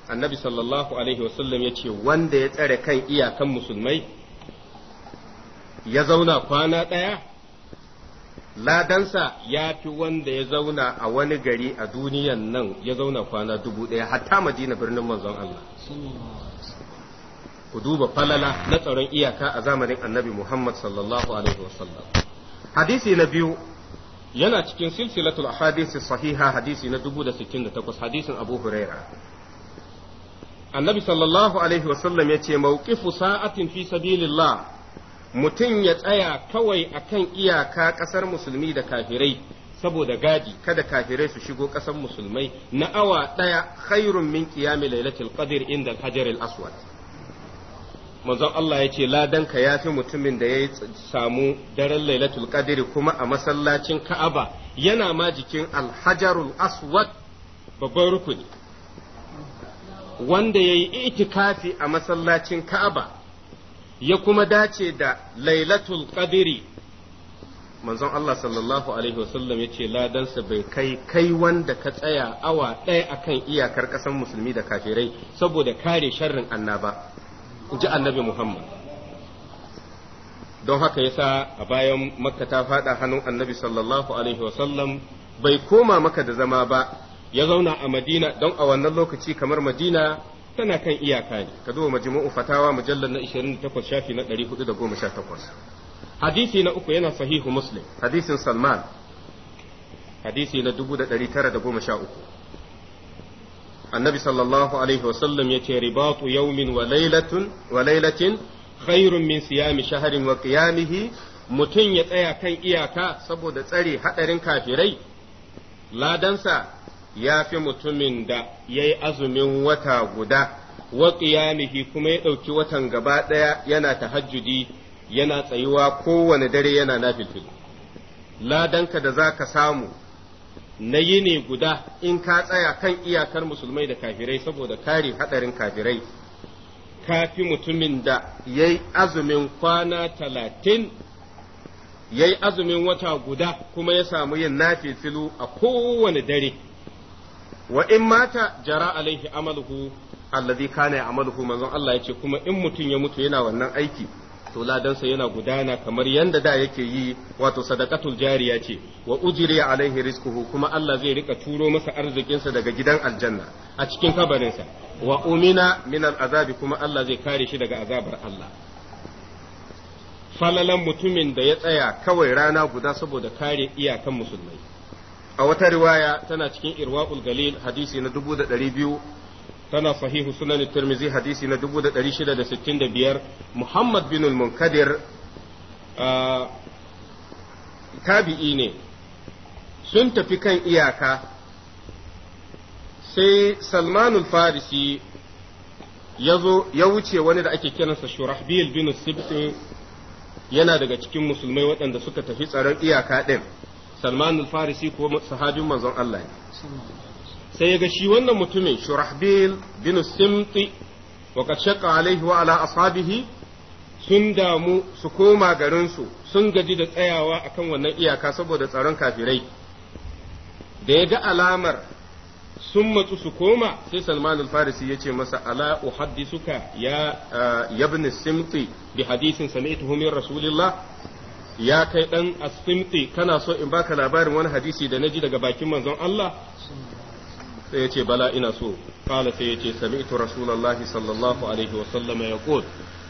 annabi sallallahu alaihi wasallam ya ce wanda ya tsare kan iyakan musulmai ya zauna kwana ɗaya ladansa ya fi wanda ya zauna a wani gari a duniyan nan ya zauna kwana dubu ɗaya hatta madina birnin manzon Allah ku duba falala na tsaron iyaka a zamanin annabi Muhammad sallallahu alaihi wasallam hadisi na biyu yana cikin silsilatul hadisi sahiha hadisi na 1068 hadisin Abu Huraira annabi sallallahu alaihi wasallam ce mawqifu sa'atin fi sabilillah mutum ya tsaya kawai akan iyaka ƙasar musulmi da kafirai saboda gadi kada kafirai su shigo ƙasar musulmai na awa ɗaya khairun min qiyami lailatul qadr inda al-hajar al-aswad manzon Allah ya ce ladanka ya fi mutumin da ya samu daren lailatul qadri kuma a masallacin Ka'aba yana ma jikin alhajarul aswad babban rukuni wanda ya yi itikafi a masallacin Ka'aba ya kuma dace da lailatul qadri manzon Allah sallallahu alaihi wasallam ya ce ladansa bai kai kai wanda ka tsaya awa ɗaya akan iyakar ƙasar musulmi da kafirai saboda kare sharrin annaba in ji annabi Muhammad. Don haka yasa a bayan makka ta faɗa hannun annabi sallallahu Alaihi wasallam bai koma maka da zama ba ya zauna a Madina don a wannan lokaci kamar Madina tana kan iyaka ne ka zo majmu'u fatawa mujallar na 28 shafi na 418 hadisi na uku yana sahihu muslim hadisin salman hadisi na 1913 annabi sallallahu alaihi sallam yace ribatu yawmin wa lailatin wa lailatin khairun min siyami shahrin wa qiyamihi mutum ya tsaya kan iyaka saboda tsare hadarin kafirai ladansa ya fi mutumin da ya yi azumin wata guda wa qiyamihi kuma ya ɗauki watan gaba ɗaya yana tahajjudi yana tsayuwa kowane dare yana nafilfil ladanka da za ka samu na ne guda in ka tsaya kan iyakar musulmai da kafirai saboda kare hadarin kafirai kafi mutumin da ya yi azumin kwana talatin ya yi azumin wata guda kuma ya samu yin nafi filu a kowane dare wa in mata jara alaihi amaluhu alladhi kana ya amalhu manzon Allah ya ce kuma in mutum ya mutu yana wannan aiki to ladansa yana gudana kamar yadda da yake yi wato sadaqatul jariya ce wa ujri alaihi rizquhu kuma Allah zai rika turo masa arzikinsa daga gidan aljanna a cikin kabarinsa wa umina min azabi kuma Allah zai kare shi daga azabar Allah falalan mutumin da ya tsaya kawai rana guda saboda kare iyakan musulmai a wata riwaya tana cikin irwaul galil hadisi na 2200 tana sahihu sunan tirmizi hadisi na 1665 muhammad bin munkadir tabi'i ne sun tafi kan iyaka sai salmanul farisi ya wuce wani da ake kiransa shurahbil bin sibti yana daga cikin musulmai waɗanda suka tafi tsaron iyaka ɗin salmanul farisi ko sahabin manzon Allah sai ya ga shi wannan mutumin shurahbil bin simti wa qad shaqqa wa ala ashabihi sun damu su koma garinsu sun gaji da tsayawa akan wannan iyaka saboda tsaron kafirai da ya ga alamar sun matsu su koma sai salman al-farisi ya ce masa ala uhaddisuka ya yabni simti bi hadisin sami'tuhu min rasulillah ya kai dan as-simti kana so in baka labarin wani hadisi da naji daga bakin manzon Allah sai ya ce bala ina so kala sai ya ce sami sami'tu rasulullahi sallallahu alaihi wa sallama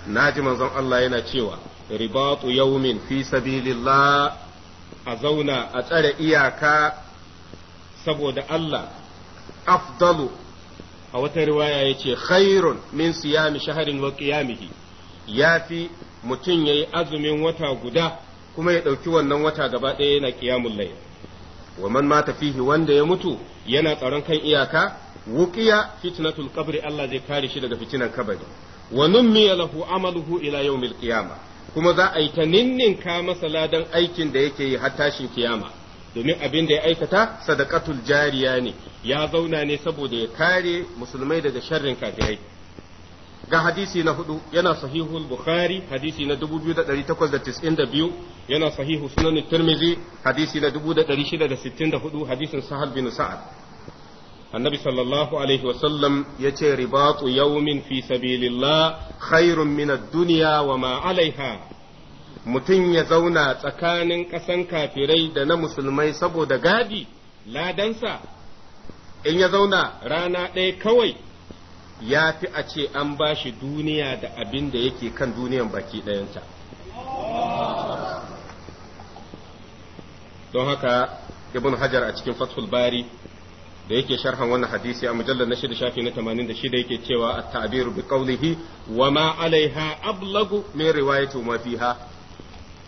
na ji manzon Allah yana cewa ribatu yawmin fi sabilillah a zauna a tsare iyaka saboda Allah afdalu a wata riwaya ya ce khairun min siyami shaharin wa qiyamihi fi mutum ya yi azumin wata guda kuma ya ɗauki wannan wata gaba ɗaya yana qiyamul layl wa man mata fihi wanda ya mutu yana tsaron kan iyaka wuqiya fitnatul qabri Allah zai kare shi daga fitinan kabari wa nummiya lahu amaluhu ila yawmil qiyama kuma za a yi ta ninninka masa ladan aikin da yake yi har tashin kiyama domin abin da ya aikata sadaqatul jariya ne ya zauna ne saboda ya kare musulmai daga sharrin kafirai ga hadisi na hudu yana sahihul bukhari hadisi na 2892 yana sahihu sunan tirmizi hadisi na 1664 hadisin sahal bin sa'ad annabi sallallahu alaihi wasallam ya ce ribatu yawmin fi sabilillah khairun min ad-dunya wa ma alaiha mutum ya zauna tsakanin kasan kafirai da na musulmai saboda gadi ladansa in ya zauna rana ɗaya kawai ya fi a ce an ba shi duniya da abin da yake kan duniyan baki ɗayanta don haka ibn hajar a cikin fathul bari da yake sharhan wannan hadisi a mujallar na shida shafi na tamanin da shida yake cewa a ta'abiru bi qawlihi wa ma alaiha ablagu min riwayati ma fiha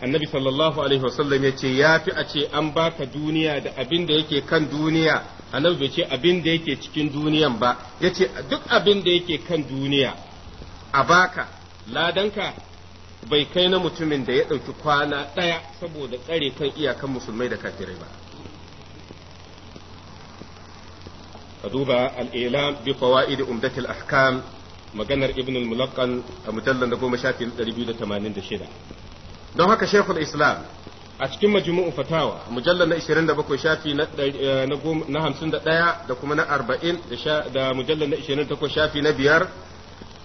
annabi sallallahu alaihi wasallam ya ce ya fi a ce an baka duniya da abin da yake kan duniya annabi bai ce abin da yake cikin duniyan ba ya ce duk abin da yake kan duniya a baka ladanka bai kai na mutumin da ya ɗauki kwana ɗaya saboda tsare kan iyakan musulmai da kafirai ba ka duba al'ilam bi fawaid umdatil ahkam maganar ibn al-mulaqqan a mujallal 10 don haka shekul islam a cikin majmu'u fatawa mujallar na 27 shafi na 51 eh, da kuma na 40 da mujallar na 28 shafi na biyar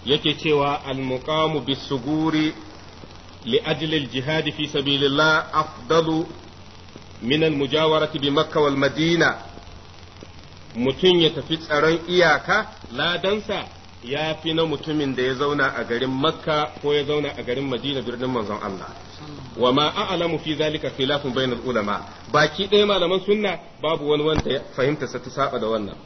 yake cewa al-muqamu bis li ajli al-jihad fi sabilillah afdalu min al-mujawarati bi makkah wal madina mutum ya tafi tsaron iyaka ladansa ya fi na mutumin da ya zauna a garin makka ko ya zauna a garin madina birnin manzon Allah wa ma a'lamu fi zalika khilafun bainal ulama baki ɗaya malaman sunna babu wani wanda ya fahimta sa ta saba da wannan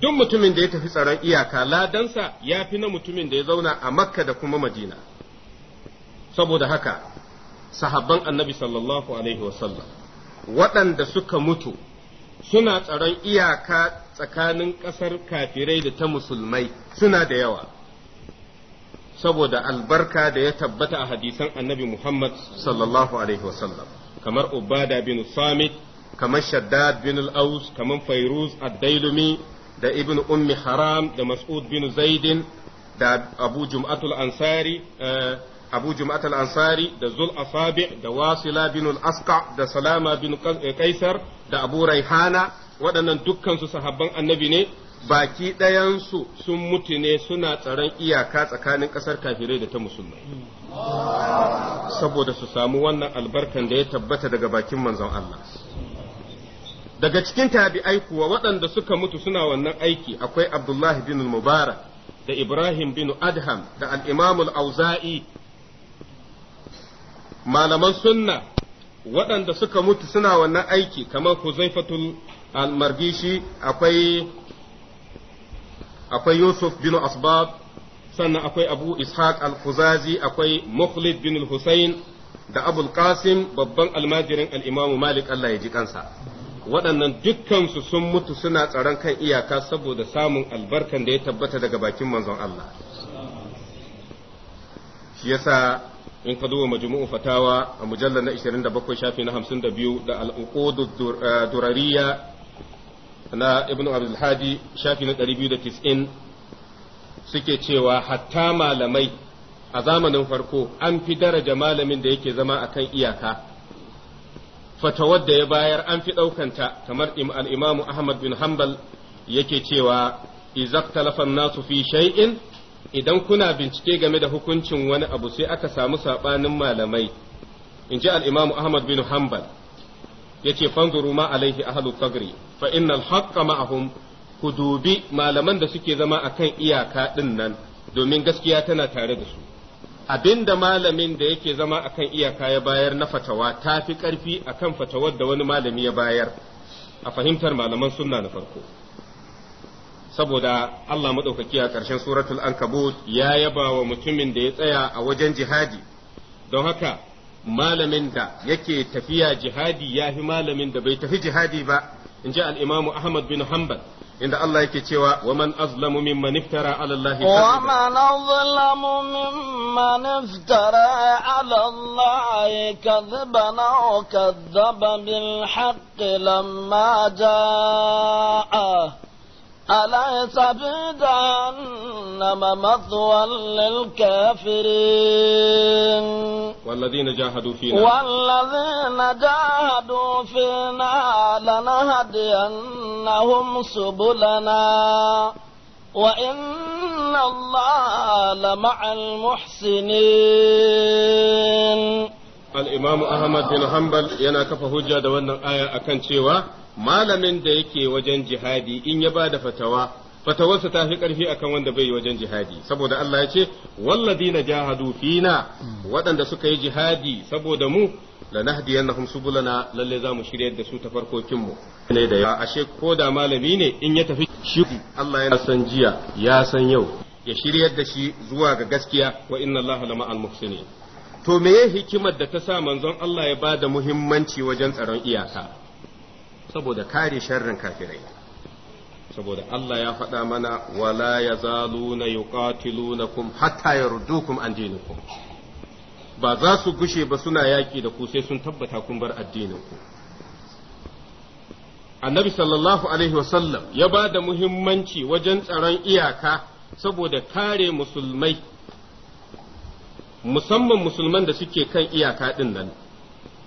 duk mutumin da ya tafi tsaron iyaka ladansa ya fi na mutumin da ya zauna a makka da kuma madina saboda haka sahabban annabi sallallahu alaihi wasallam waɗanda suka mutu suna tsaron iyaka tsakanin ƙasar kafirai da ta musulmai suna da yawa saboda albarka da ya tabbata a hadisan annabi Muhammad sallallahu alaihi wasallam kamar Ubada bin Samit kamar Shaddad bin al kamar Fairuz ad-Dailumi da Ibn Ummi Haram da Mas'ud bin Zaidin da Abu Jum'atul Ansari eh, Abu Jum'atul Ansari da Zul Asabi da Wasila bin al-Asqa da Salama bin eh, Kaisar da Abu Raihana waɗannan dukkansu sahabban annabi ne baki ɗayansu sun mutu ne suna tsaron iyaka tsakanin ƙasar kafirai da ta musulmai saboda su samu wannan albarkan da ya tabbata daga bakin manzon Allah daga cikin tabi'ai kuwa waɗanda suka mutu suna wannan aiki akwai abdullahi bin mubarak da ibrahim bin adham da al'imamul auza'i malaman sunna waɗanda suka mutu suna wannan aiki kamar huzaifatul al-margishi akwai akwai yusuf bin asbab sannan akwai abu ishaq al-fuzazi akwai mukhlid bin husayn da abul qasim babban almajirin al'imamu malik Allah ya ji kansa waɗannan dukkansu sun mutu suna tsaron kan iyaka saboda samun albarkan da ya tabbata daga bakin manzon Allah shi yasa in ka duba majmu'u fatawa a mujallar na 27 shafi na 52 da al durariya na ibn abdulhadi shafi na 290 suke cewa hatta malamai a zamanin farko an fi daraja malamin da yake zama akan iyaka fatawar da ya bayar an fi ɗaukanta kamar al'imamu ahmad bin hanbal yake cewa izaktalafan nasu fi shay'in idan kuna bincike game da hukuncin wani abu sai aka samu saɓanin malamai in ji al'imamu ahmad bin hanbal ya ce fanzuru ma alaihi ahalu tagri fa innal haqqa ma'ahum ku dubi malaman da suke zama akan iyaka din domin gaskiya tana tare da su abinda malamin da yake zama akan iyaka ya bayar na fatawa ta fi ƙarfi akan fatawar da wani malami ya bayar a fahimtar malaman sunna na farko saboda Allah maɗaukaki a ƙarshen suratul ankabut ya yaba wa mutumin da ya tsaya a wajen jihadi don haka malamin da yake tafiya jihadi ya fi malamin da bai tafi jihadi ba in ji al-Imam Ahmad bin Hanbal inda Allah yake cewa wa man azlamu mimman iftara ala Allah wa man azlamu mimman iftara ala Allah kadhaban aw kadhaba bil haqq lamma jaa أليس بجهنم مثوى للكافرين والذين جاهدوا فينا والذين جاهدوا فينا لنهدينهم سبلنا وإن الله لمع المحسنين al'imamu Ahmad bin Hanbal yana kafa hujja da wannan aya akan cewa malamin da yake wajen jihadi in ya ba da fatawa, fatawarsa ta fi ƙarfi akan wanda bai wajen jihadi, saboda Allah ya ce, na jahadu fina waɗanda suka yi jihadi saboda mu, la nahdiyannahum subulana lalle za mu shiryar da su ta farkokin mu. Ne da ya ashe ko da malami ne in ya tafi shi Allah yana san jiya ya san yau ya shiryar da shi zuwa ga gaskiya wa inna Allah lama al-muhsinin. to meye hikimar da ta sa manzon Allah ya ba da muhimmanci wajen tsaron iyaka saboda kare sharrin kafirai saboda Allah ya faɗa mana wala ya zalu na yuqatilunakum hatta kum an dinikum ba za su gushe ba suna yaƙi da ku sai sun tabbata kun bar addininku annabi sallallahu alaihi wasallam ya ba da muhimmanci wajen tsaron iyaka saboda kare musulmai musamman musulman da suke kan iyaka ɗin nan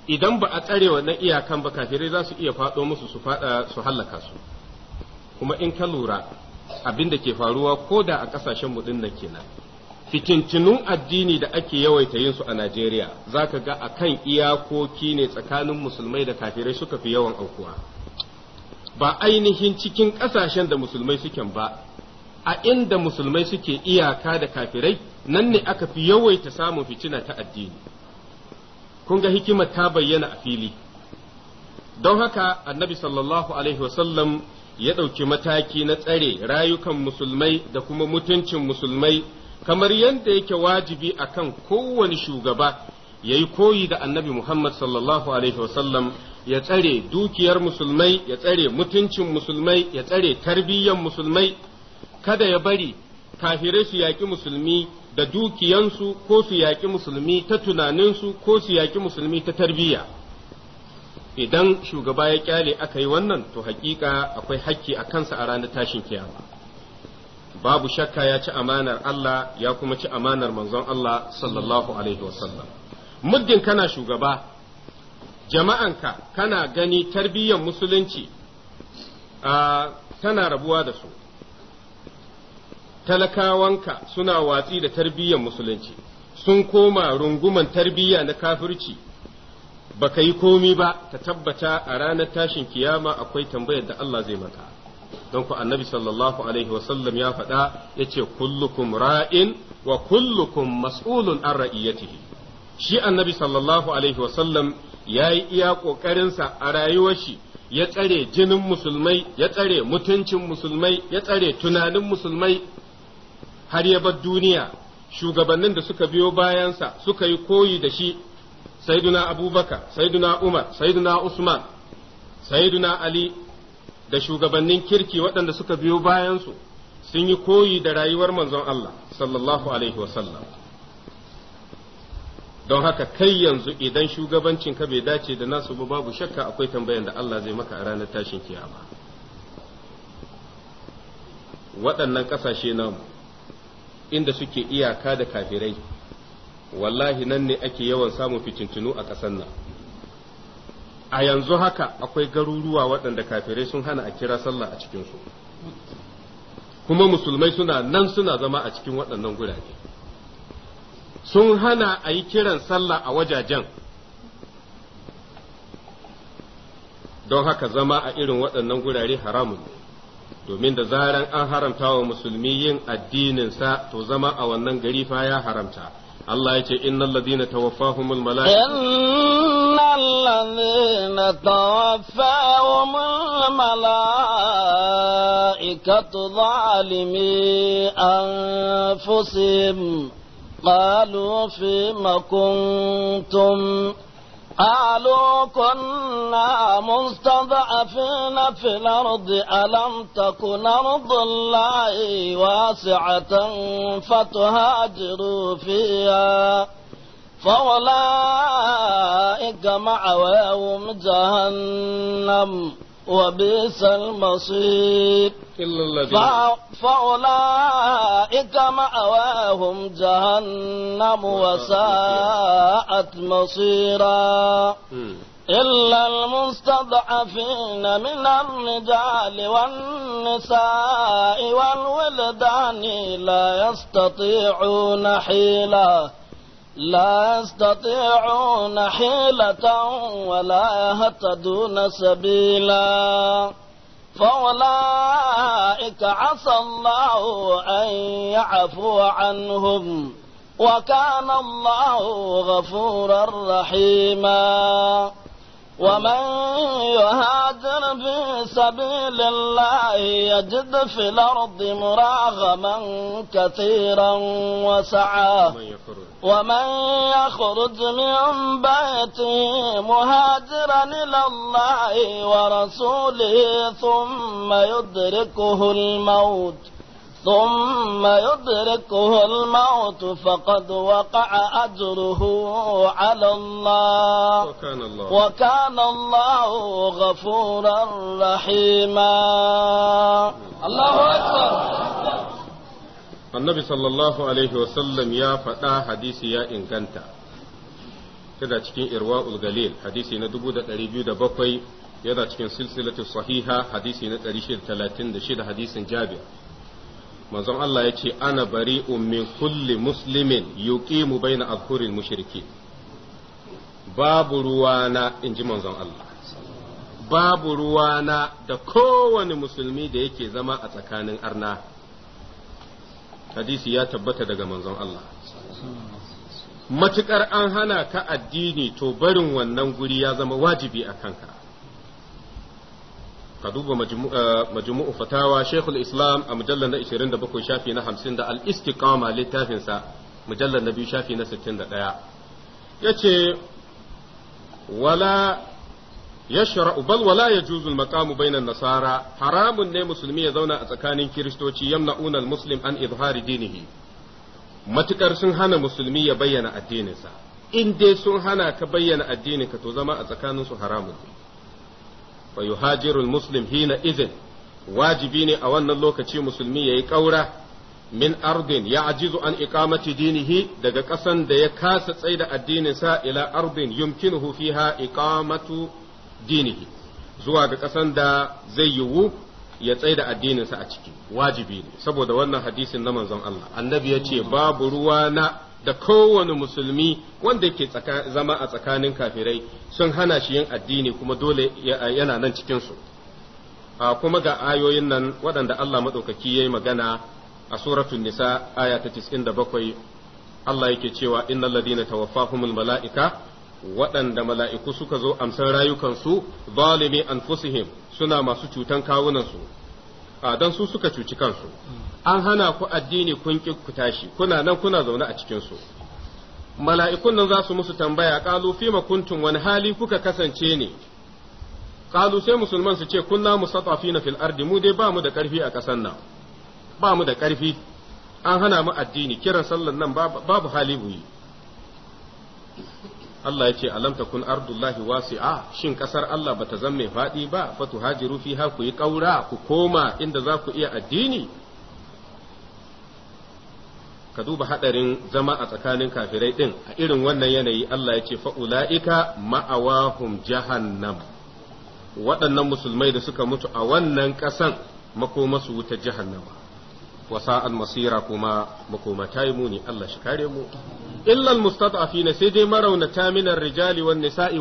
idan ba a tsare wannan iyakan ba kafirai za su iya faɗo musu su faɗa su hallaka su kuma in ka lura abin da ke faruwa ko da a ƙasashen mu dinnan kenan fitintinun addini da ake yawaita yin su a Najeriya za ka ga akan iyakoki ne tsakanin musulmai da kafirai suka fi yawan aukuwa ba ainihin cikin ƙasashen da musulmai suke ba a inda musulmai suke iyaka da kafirai nan ne aka fi yawaita samun fitina ta addini kun ga hikimar ta bayyana a fili don haka annabi sallallahu alaihi wasallam ya ɗauki mataki na tsare rayukan musulmai da kuma mutuncin musulmai kamar yadda yake wajibi akan kowane shugaba Yayi koyi da annabi Muhammad sallallahu Alaihi wasallam ya tsare dukiyar musulmai, ya tsare mutuncin musulmai, ya tsare tarbiyyar musulmai, kada ya bari kafirai su yaƙi musulmi da dukiyansu ko su yaƙi musulmi ta tunaninsu ko su yaƙi musulmi ta tarbiyya idan shugaba ya kyale aka yi wannan to hakika akwai hakki a kansa a ranar tashin kiyama babu shakka ya ci amanar Allah ya kuma ci amanar manzon Allah sallallahu alaihi wasallam muddin kana shugaba jama'anka kana gani tarbiyyar musulunci ah, tana rabuwa da su talakawanka suna watsi da tarbiyyar musulunci sun koma runguman tarbiyya na kafirci baka yi komi ba ta tabbata a ranar tashin kiyama akwai tambayar da Allah zai maka don ku annabi sallallahu alaihi wasallam ya faɗa ya ce kullukum ra'in wa kullukum mas'ulun an ra'iyatihi shi annabi sallallahu alaihi wasallam ya yi iya ƙoƙarinsa a rayuwar shi ya tsare jinin musulmai ya tsare mutuncin musulmai ya tsare tunanin musulmai har ya bar duniya shugabannin da suka biyo bayansa suka yi koyi da shi sayyiduna abubakar sayyiduna umar sayyiduna usman sayyiduna ali da shugabannin kirki waɗanda suka biyo bayansu sun yi koyi da rayuwar manzon Allah sallallahu alaihi wasallam don haka kai yanzu idan shugabancin ka bai dace da nasu ba babu shakka akwai tambayan da Allah zai maka a ranar tashin kiyama waɗannan ƙasashe namu inda suke iyaka da kafirai wallahi nan ne ake yawan samun fitintunu a ƙasan nan a yanzu haka akwai garuruwa waɗanda kafirai sun hana a kira sallah a cikinsu kuma musulmai suna nan suna zama a cikin waɗannan gurare sun hana a yi kiran sallah a wajajen don haka zama a irin waɗannan gurare haramun ne domin da zaran an haramta wa musulmi yin addininsa to zama a wannan gari fa ya haramta Allah ya ce innal ladina tawaffahumul mala'ikatu الذين توفاهم الملائكة ظالمي أنفسهم qalu fima kuntum قالوا كنا مستضعفين في الأرض ألم تكن أرض الله واسعة فتهاجروا فيها فأولئك معواهم جهنم وبئس المصير فأولئك مأواهم جهنم وساءت مصيرا إلا المستضعفين من الرجال والنساء والولدان لا يستطيعون حيلاً لا يستطيعون حيلة ولا يهتدون سبيلا فأولئك عسى الله أن يعفو عنهم وكان الله غفورا رحيما ومن يهاجر في سبيل الله يجد في الأرض مراغما كثيرا وسعا ومن يخرج من بيته مهاجرا إلى الله ورسوله ثم يدركه الموت ثم يدركه الموت فقد وقع أجره على الله وكان الله, وكان الله غفورا رحيما الله أكبر النبي صلى الله عليه وسلم يا فتاة حديث يا إن كنت كذا تكين إرواء الغليل حديثي ندبو دا تريبيو دا بقي يدا تكين سلسلة صحيحة حديثي نتريشي 36 حديث جابر manzon Allah ya ce ana bari min kulli muslimin yuqimu baina abhuril mushriki babu ruwana in ji manzon Allah babu ruwana da kowane musulmi da yake zama a tsakanin arna hadisi ya tabbata daga manzon Allah matukar an hana ka addini to barin wannan guri ya zama wajibi a kanka ka duba eh, majmu'u fatawa shekul islam a mujallar na 27 shafi na 50 da al-istiqama littafinsa mujallar na biyu shafi na 61 yace wala yashra bal wala yajuzu al-maqam bayna nasara haramun ne musulmi ya zauna a tsakanin kiristoci yamna'una al-muslim an izhari dinihi matukar sun hana musulmi ya bayyana addininsa in dai sun hana ka bayyana addininka to zama a tsakaninsu haramun fa yuhajirul muslim hina izin wajibi ne a wannan lokacin musulmi ya yi ƙaura min ardin ya ajizu an iqamati dinihi daga ƙasan da ya kasa tsaida addininsa ila ardin yumkinuhu fiha iqamatu dinihi zuwa ga ƙasan da zai yiwu ya tsaida addininsa a ciki wajibi ne saboda wannan hadisin na manzon Allah annabi ya ce babu ruwa na da kowane musulmi wanda ke zama a tsakanin kafirai sun hana shi yin addini kuma dole yana nan cikinsu kuma ga ayoyin nan waɗanda Allah maɗaukaki ya yi magana a suratun nisa aya ta 97 Allah yake cewa innal ladina tawaffahumul mala'ika waɗanda mala'iku suka zo amsar rayukansu zalimi anfusihim suna masu cutan kawunansu don su suka cuci kansu an hana ku addini kun ki ku tashi kuna nan kuna zaune a cikin su mala'ikun nan za su musu tambaya qalu fima kuntum wani hali kuka kasance ne qalu sai musulman su ce kunna na fil ardi mu dai ba mu da karfi a kasan nan ba mu da karfi an hana mu addini kiran sallan nan babu hali buyi Allah ya ce alam takun ardullahi wasi'a shin kasar Allah bata zan mai faɗi ba fatu hajiru fiha ku yi ƙaura ku koma inda za ku iya addini ka duba hadarin zama a tsakanin kafirai din a irin wannan yanayi Allah ya ce fa'ula'ika ma'awahum jahannam waɗannan musulmai da suka mutu a wannan ƙasan makomasu wuta jahannama wa sa'al masira kuma makoma ta yi muni Allah shi kare mu illal mustad'afina sai maraunata minar rijali nisa'i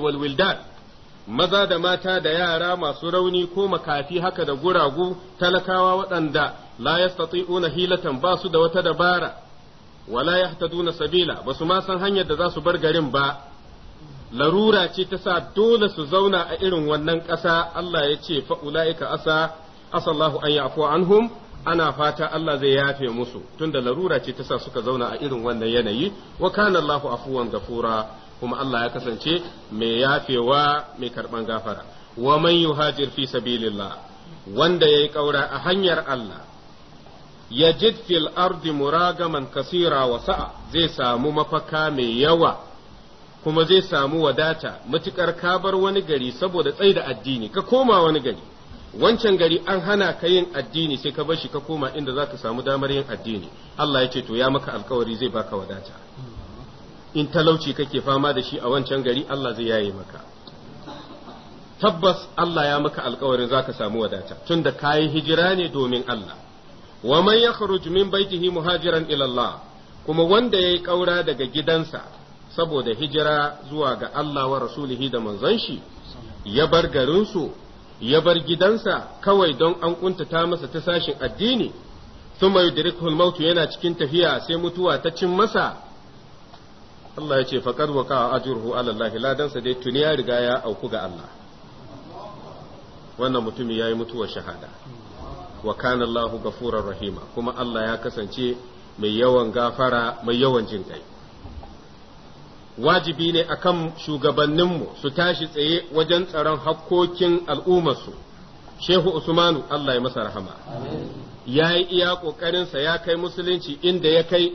maza da mata da yara masu rauni ko makafi haka da guragu talakawa waɗanda la yastati'una hilatan ba su da wata dabara wala yahtaduna sabila ba su ma san hanyar da za su bar garin ba larura ce ta sa dole su zauna a irin wannan ƙasa Allah ya ce fa'ula'ika asa asallahu an yafu anhum ana fata Allah zai yafe musu tunda larura ce ta sa suka zauna a irin wannan yanayi wa kana Allahu afuwan gafura kuma Allah ya kasance mai yafewa mai karban gafara wa man yuhajir fi sabilillah wanda yayi kaura a hanyar Allah yajid fil ardi muragaman kasira wa sa'a zai samu mafaka mai yawa kuma zai samu wadata matukar kabar wani gari saboda tsaida addini ka koma wani gari wancan gari an hana ka yin addini sai ka bar shi ka koma inda za ka samu damar yin addini Allah ya ce to ya maka alkawari zai baka wadata in talauci kake fama da shi a wancan gari Allah zai yaye maka tabbas Allah ya maka alkawarin za ka samu wadata tunda kayi hijira ne domin Allah wa man yakhruj min baitihi muhajiran ila Allah kuma wanda yayi kaura daga gidansa saboda hijira zuwa ga Allah wa rasulihi da manzon shi ya bar garinsu ya bar gidansa kawai don an kuntata masa ta sashin addini mai dirik hulmautu yana cikin tafiya sai mutuwa ta cin masa Allah ya ce faqad waqa ajiyar hu, Allah ladansa dai tuni ya riga ya auku ga Allah wannan mutumi yi mutuwar shahada wa kana Allahu gafurar rahima kuma Allah ya kasance mai yawan gafara mai yawan jin kai wajibi ne akan shugabanninmu su tashi tsaye wajen tsaron hakkokin al'ummarsu shehu usmanu Allah ya masa rahama ya yi iya ƙoƙarinsa ya kai musulunci inda ya kai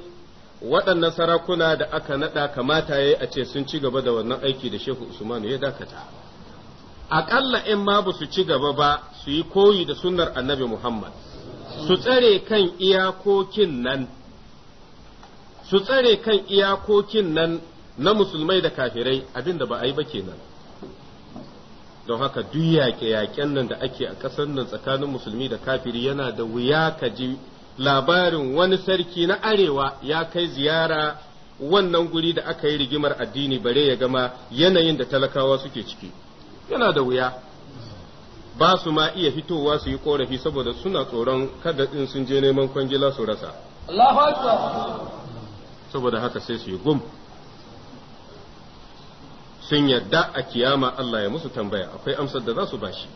waɗannan sarakuna da aka naɗa kamata ya yi a ce sun ci gaba da wannan aiki da shehu usmanu ya dakata aƙalla in ma ba su ci gaba ba su yi koyi da sunar annabi muhammad su tsare kan iyakokin nan su tsare kan iyakokin nan na musulmai da kafirai abin da ba a yi ba kenan don haka duk yaƙe-yaƙen nan da ake a ƙasar nan tsakanin musulmi da kafiri yana da wuya ka ji labarin wani sarki na arewa ya kai ziyara wannan guri da aka yi rigimar addini bare ya gama yanayin da talakawa suke ciki yana da wuya ba su ma iya fitowa su yi korafi saboda suna tsoron kada in sun je neman kwangila su rasa saboda haka sai su yi gum sun yadda a kiyama Allah ya musu tambaya akwai amsar da za su bashi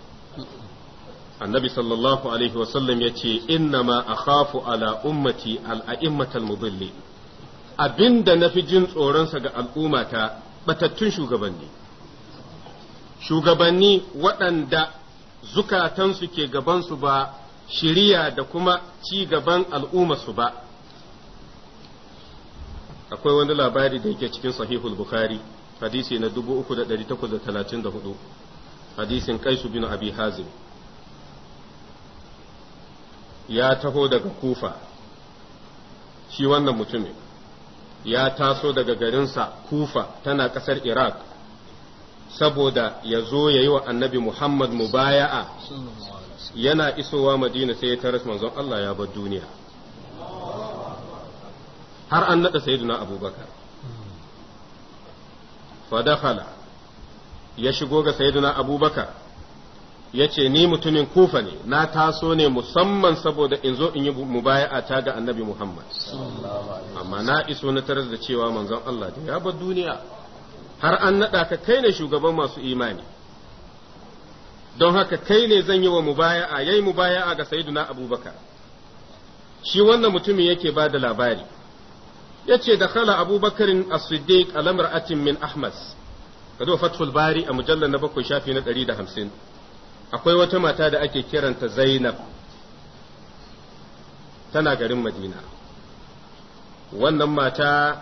annabi sallallahu alaihi wasallam ya ce inna ma khafu ala ummati al'a'immatal mudilli abinda na fi jin tsoronsa ga al'ummata batattun shugabanni shugabanni waɗanda zukatansu ke gabansu ba shiriya da kuma ci gaban al'ummarsu ba akwai wani labari da yake cikin sahihul bukhari hadisi na 3834 hadisin Qaisu bin Abi Hazim ya taho daga Kufa shi wannan mutumin ya taso daga garinsa Kufa tana ƙasar Iraq saboda ya zo ya yi annabi Muhammad mubaya'a yana isowa Madina sai ya taras manzon Allah ya bar duniya har an naɗa Sayyiduna Abubakar fadakhala ya shigo ga sayyiduna abubakar ya ce ni mutumin kufa ne na taso ne musamman saboda in zo in yi mubaya'a ta ga annabi muhammad amma na iso na taras da cewa manzon Allah da ya bar duniya har an naɗa ka kai ne shugaban masu imani don haka kai ne zan yi wa mubaya'a yayi mubaya'a ga sayyiduna abubakar shi wannan mutumin yake ba da labari yace da khala abubakar as-siddiq alamar atin min ahmas kado fathul bari a mujallar na bakwai shafi na da hamsin akwai wata mata da ake kiranta zainab tana garin madina wannan mata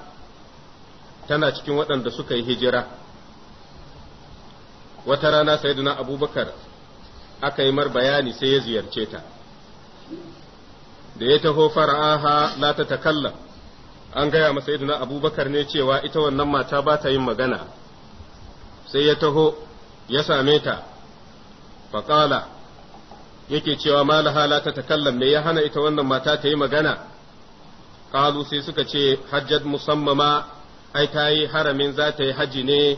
tana cikin waɗanda suka yi hijira wata rana sayyidina abubakar aka yi mar bayani sai ya ziyarce ta da ya taho fara'aha la ta takallam an gaya masa na abubakar ne cewa ita wannan mata ba ta yin magana sai ya taho ya same ta faƙala yake cewa malaha la ta takallam me ya hana ita wannan mata ta yi magana ƙalu sai suka ce hajjat musammama ai ta yi haramin za ta yi haji ne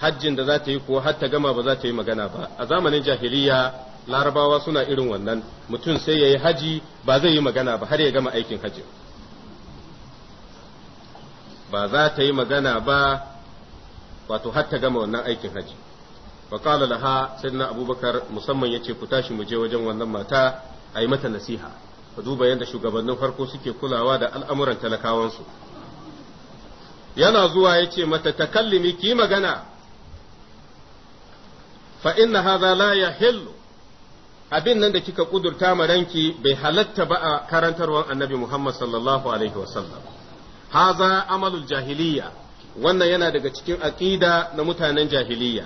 hajjin da za ta yi kuwa har ta gama ba za ta yi magana ba a zamanin jahiliya larabawa suna irin wannan mutum sai ya yi haji ba zai yi magana ba har ya gama aikin hajji ba za ta yi magana ba wato har ta gama wannan aikin haji wa qala laha sayyidina abubakar musamman yace ku tashi mu je wajen wannan mata a yi mata nasiha ka duba yadda shugabannin farko suke kulawa da al'amuran talakawansu yana zuwa yace mata takallimi ki magana fa inna hadha la yahillu abin nan da kika kudurta ma ranki bai halatta ba a karantarwar annabi Muhammad sallallahu alaihi wasallam haza amalul jahiliya wannan yana daga cikin aqida na mutanen jahiliya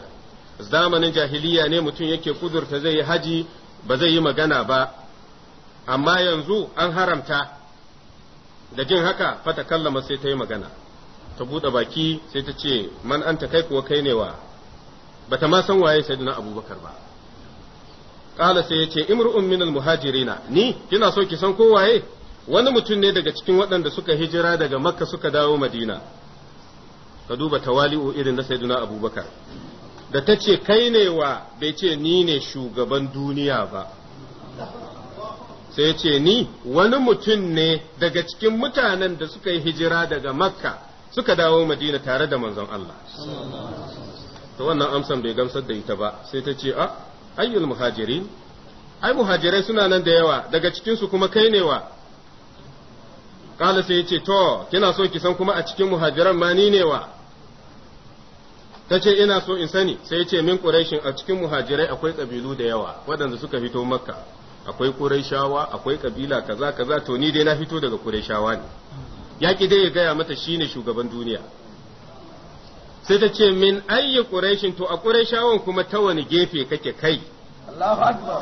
zamanin jahiliya ne mutum yake kudurta zai yi haji ba zai yi magana ba amma yanzu an haramta da jin haka fa ta kallama sai ta yi magana ta buɗe baki sai ta ce man anta kai kuwa kai ne wa bata ma san waye na abubakar ba kala sai ya ce imru'un minal muhajirina ni kina so ki san ko waye wani mutum ne daga cikin waɗanda suka hijira daga makka suka dawo madina ka duba tawali'u irin na saiduna abubakar da ta ce kai ne wa bai ce ni ne shugaban duniya ba sai ce ni wani mutum ne daga cikin mutanen da suka yi hijira daga makka suka dawo madina tare da manzon Allah to wannan amsan bai gamsar da ita ba sai ta ce a ah, ayyul muhajirin ai muhajirai suna nan da yawa daga cikinsu kuma kai ne wa kala sai ya to kina so ki san kuma a cikin muhajiran ma ni ne wa ta ce ina so in sani sai ya ce min ƙurashin a cikin muhajirai akwai ƙabilu da yawa waɗanda suka fito makka akwai ƙurashawa akwai ƙabila kaza kaza to ni dai na fito daga ƙurashawa ne yaƙi dai ya gaya mata shine shugaban duniya sai ta ce min ayi ƙurashin to a ƙurashawan kuma ta wani gefe kake kai Allahu Akbar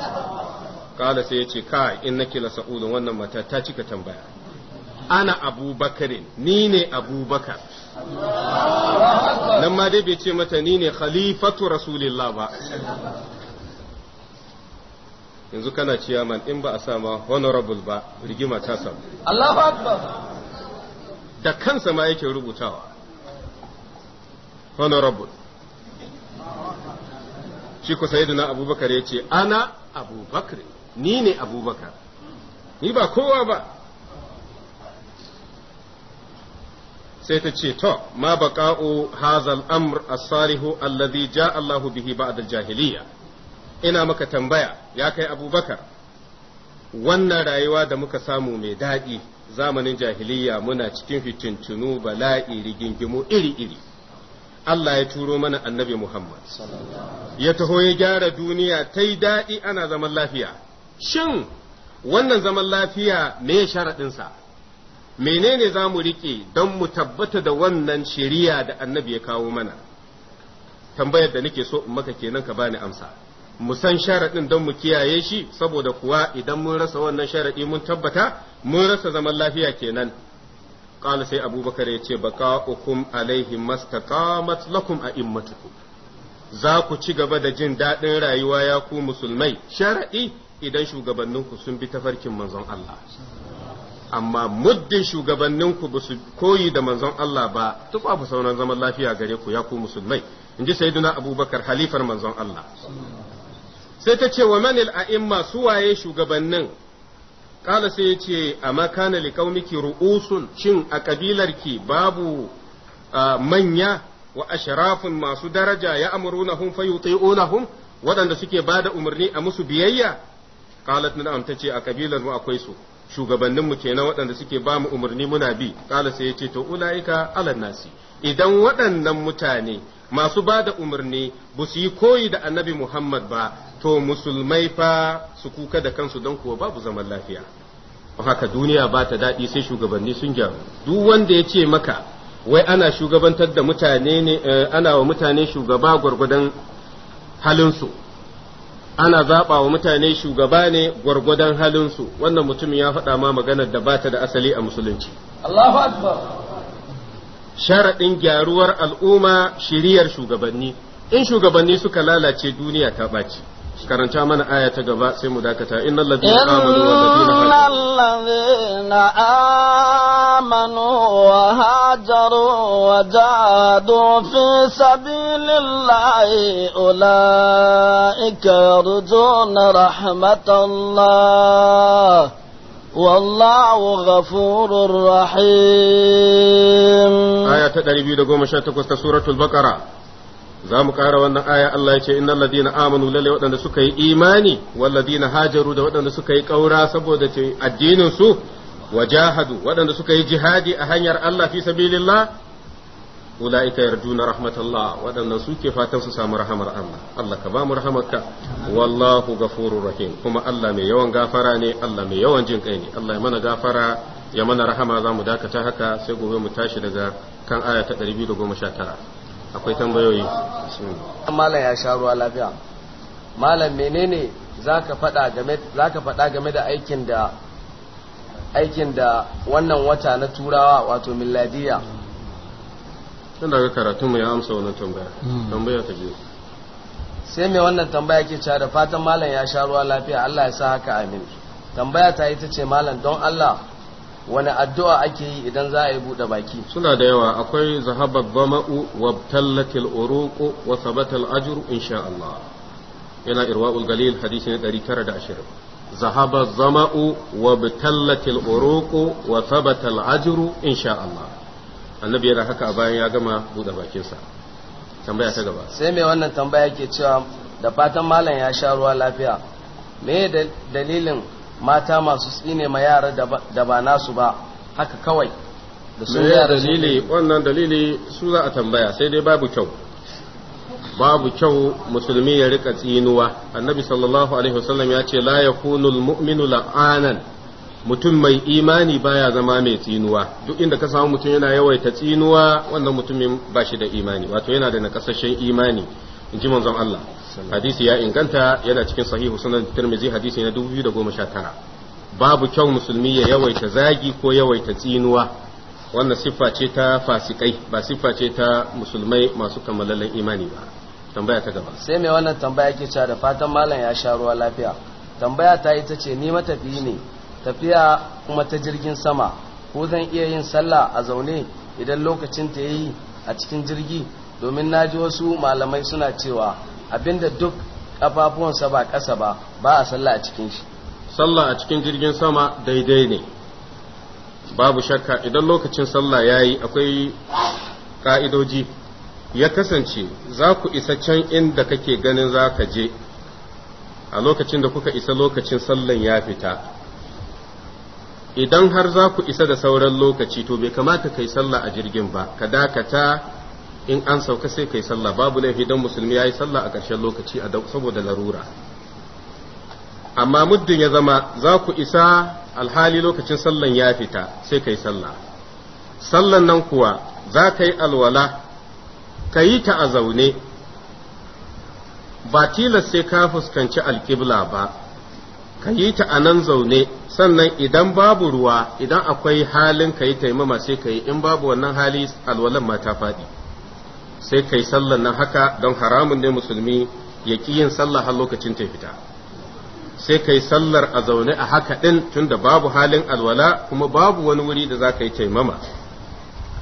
kala sai ya ce kai in nake la sa'ulun wannan mata ta cika tambaya ana abubakarin ni ne abubakar nan ma dai bai ce mata ni ne khalifatu rasulillah ba yanzu kana ciyaman in ba a sama honorable ba rigima ta samu Allahu akbar da kansa ma yake rubutawa honorable shi ku sayyidina abubakar ya ce ana abubakar ni ne abubakar ni ba kowa ba sai ta ce to ma baqa'u hazal amr as-salihu alladhi ja'a Allahu bihi ba'da jahiliya ina maka tambaya ya kai abubakar wannan rayuwa da muka samu mai daɗi zamanin jahiliya muna cikin fitintunu bala'i rigingimu iri-iri Allah ya turo mana annabi Muhammad ya taho ya gyara duniya ta yi daɗi ana zaman lafiya shin wannan zaman lafiya me sharaɗinsa menene za mu riƙe don mu tabbata da wannan shari'a da annabi ya kawo mana tambayar da nake so in maka kenan ka bani amsa mu san sharaɗin don mu kiyaye shi saboda kuwa idan mun rasa wannan sharaɗi mun tabbata mun rasa zaman lafiya kenan قال سي أبو بكر يتي بقاؤكم عليهم ما استقامت لكم أئمتكم za ku ci gaba da jin daɗin rayuwa ya ku musulmai sharaɗi idan shugabanninku sun bi tafarkin manzon Allah amma muddin shugabanninku ba su koyi da manzon Allah ba to fa sauran zaman lafiya gare ku ya ku musulmai in ji sayyiduna abubakar halifar manzon Allah sai ta ce wa manil a'imma suwaye shugabannin kala sai ya ce amma kana li qaumiki ru'usun shin a kabilarki babu manya wa ashrafun masu daraja ya amurunahum fayuti'unahum waɗanda suke bada umarni a musu biyayya qalat na'am tace a kabilar mu akwai su shugabanninmu kenan waɗanda suke ba mu umarni muna bi ƙala sai ya ce to ula'ika alan nasi idan waɗannan mutane masu ba da umarni ba su yi koyi da annabi muhammad ba to musulmai fa su kuka da kansu don kuwa babu zaman lafiya haka duniya ba ta daɗi sai shugabanni sun gyaru duk wanda ya ce maka wai ana shugabantar da mutane ne eh, ana wa mutane shugaba halin su. ana zaɓa wa mutane shugaba ne gwargwadon halinsu wannan mutum ya faɗa ma maganar da bata da asali a musulunci Allahu akbar sharaɗin gyaruwar al'umma shiriyar shugabanni in shugabanni suka lalace duniya ta ɓaci karanta mana aya ta gaba sai mu dakata innal ladina amanu wa ladina amanu wa hajaru wa jadu fi sabilillahi ulaika yarjuna rahmatallah ghafurur rahim aya ta 218 ta suratul baqara za mu ƙara wannan aya Allah ya ce innal ladina amanu lalle waɗanda suka yi imani wal hajaru da waɗanda suka yi ƙaura saboda ce addinin su wajahadu waɗanda suka yi jihadi a hanyar Allah fi sabilillah ulaika yarjuna rahmatallah waɗanda suke fatan su samu rahamar Allah Allah ka ba mu rahamarka wallahu ghafurur rahim kuma Allah mai yawan gafara ne Allah mai yawan jin kai ne Allah ya mana gafara ya mana rahama za mu dakata haka sai gobe mu tashi daga kan aya ta 219 akwai tambayoyi malam ya sha ruwa lafiya malam menene zaka faɗa game zaka faɗa game da aikin da aikin da wannan wata na turawa wato miladiya tun daga karatu mu ya amsa wannan tambaya hmm. tambaya ta biyu sai mai wannan tambaya ke cewa da fatan malam ya sha ruwa lafiya Allah ya sa haka amin tambaya ta ita ce malam don Allah wani addu'a ake yi idan za a yi buɗe baki suna da yawa akwai zahabar zama'u wa tallatil oroko wa sabatal ajr insha Allah yana irwa galil hadisi na 920 Zahabar zama'u wa tallatil oroko wa sabatal ajr insha Allah annabi yana haka a bayan ya gama buɗe bakinsa tambaya ta gaba sai mai wannan tambaya ke cewa da fatan malam ya sha ruwa lafiya me dalilin mata masu tsine ma yara da ba nasu ba haka kawai da sun yara dalili wannan dalili su za a tambaya sai dai babu kyau babu kyau musulmi ya rika tsinuwa annabi sallallahu alaihi wasallam ya ce la yakunul mu'minu la'anan mutum mai imani baya zama mai tsinuwa duk inda ka samu mutum yana yawaita tsinuwa wannan mutumin ba shi da imani wato yana da nakasashen imani in ji manzon Allah hadisi ya inganta yana cikin sahihu sunan tirmizi hadisi na 2019 babu kyau musulmi ya yawaita zagi ko yawaita tsinuwa wannan siffa ce ta fasikai ba siffa ce ta musulmai masu kammalallen imani ba tambaya ta gaba sai mai wannan tambaya ke cewa da fatan malam ya sha ruwa lafiya tambaya ta ita ce ni matafiyi ne tafiya kuma ta jirgin sama ko zan iya yin sallah a zaune idan lokacin ta yi a cikin jirgi domin na ji wasu malamai suna cewa abinda duk ƙafafuwansa ba ƙasa ba ba a sallah a cikin shi sallah a cikin jirgin sama daidai ne babu shakka idan lokacin sallah ya yi akwai ƙa'idoji ya kasance za ku isa can inda kake ganin za ka je a lokacin da kuka isa lokacin sallan ya fita idan har za ku isa da sauran lokaci to bai kamata ka yi sallah a jirgin ba ka dakata in an sauka sai kai sallah babu laifi dan musulmi yayi sallah a ƙarshen lokaci a saboda larura amma muddin ya zama za ku isa alhali lokacin sallan ya fita sai kai sallah sallan nan kuwa za ka yi alwala ka yi ta a zaune ba tilas sai ka fuskanci alkibla ba ka yi ta a nan zaune sannan idan babu ruwa idan akwai halin ka yi taimama sai ka yi in babu wannan hali alwalan ma ta faɗi sai kai sallan nan haka don haramun ne musulmi ya ki yin sallah har lokacin ta fita sai kai sallar a zaune a haka ɗin tunda babu halin alwala kuma babu wani wuri da za ka yi taimama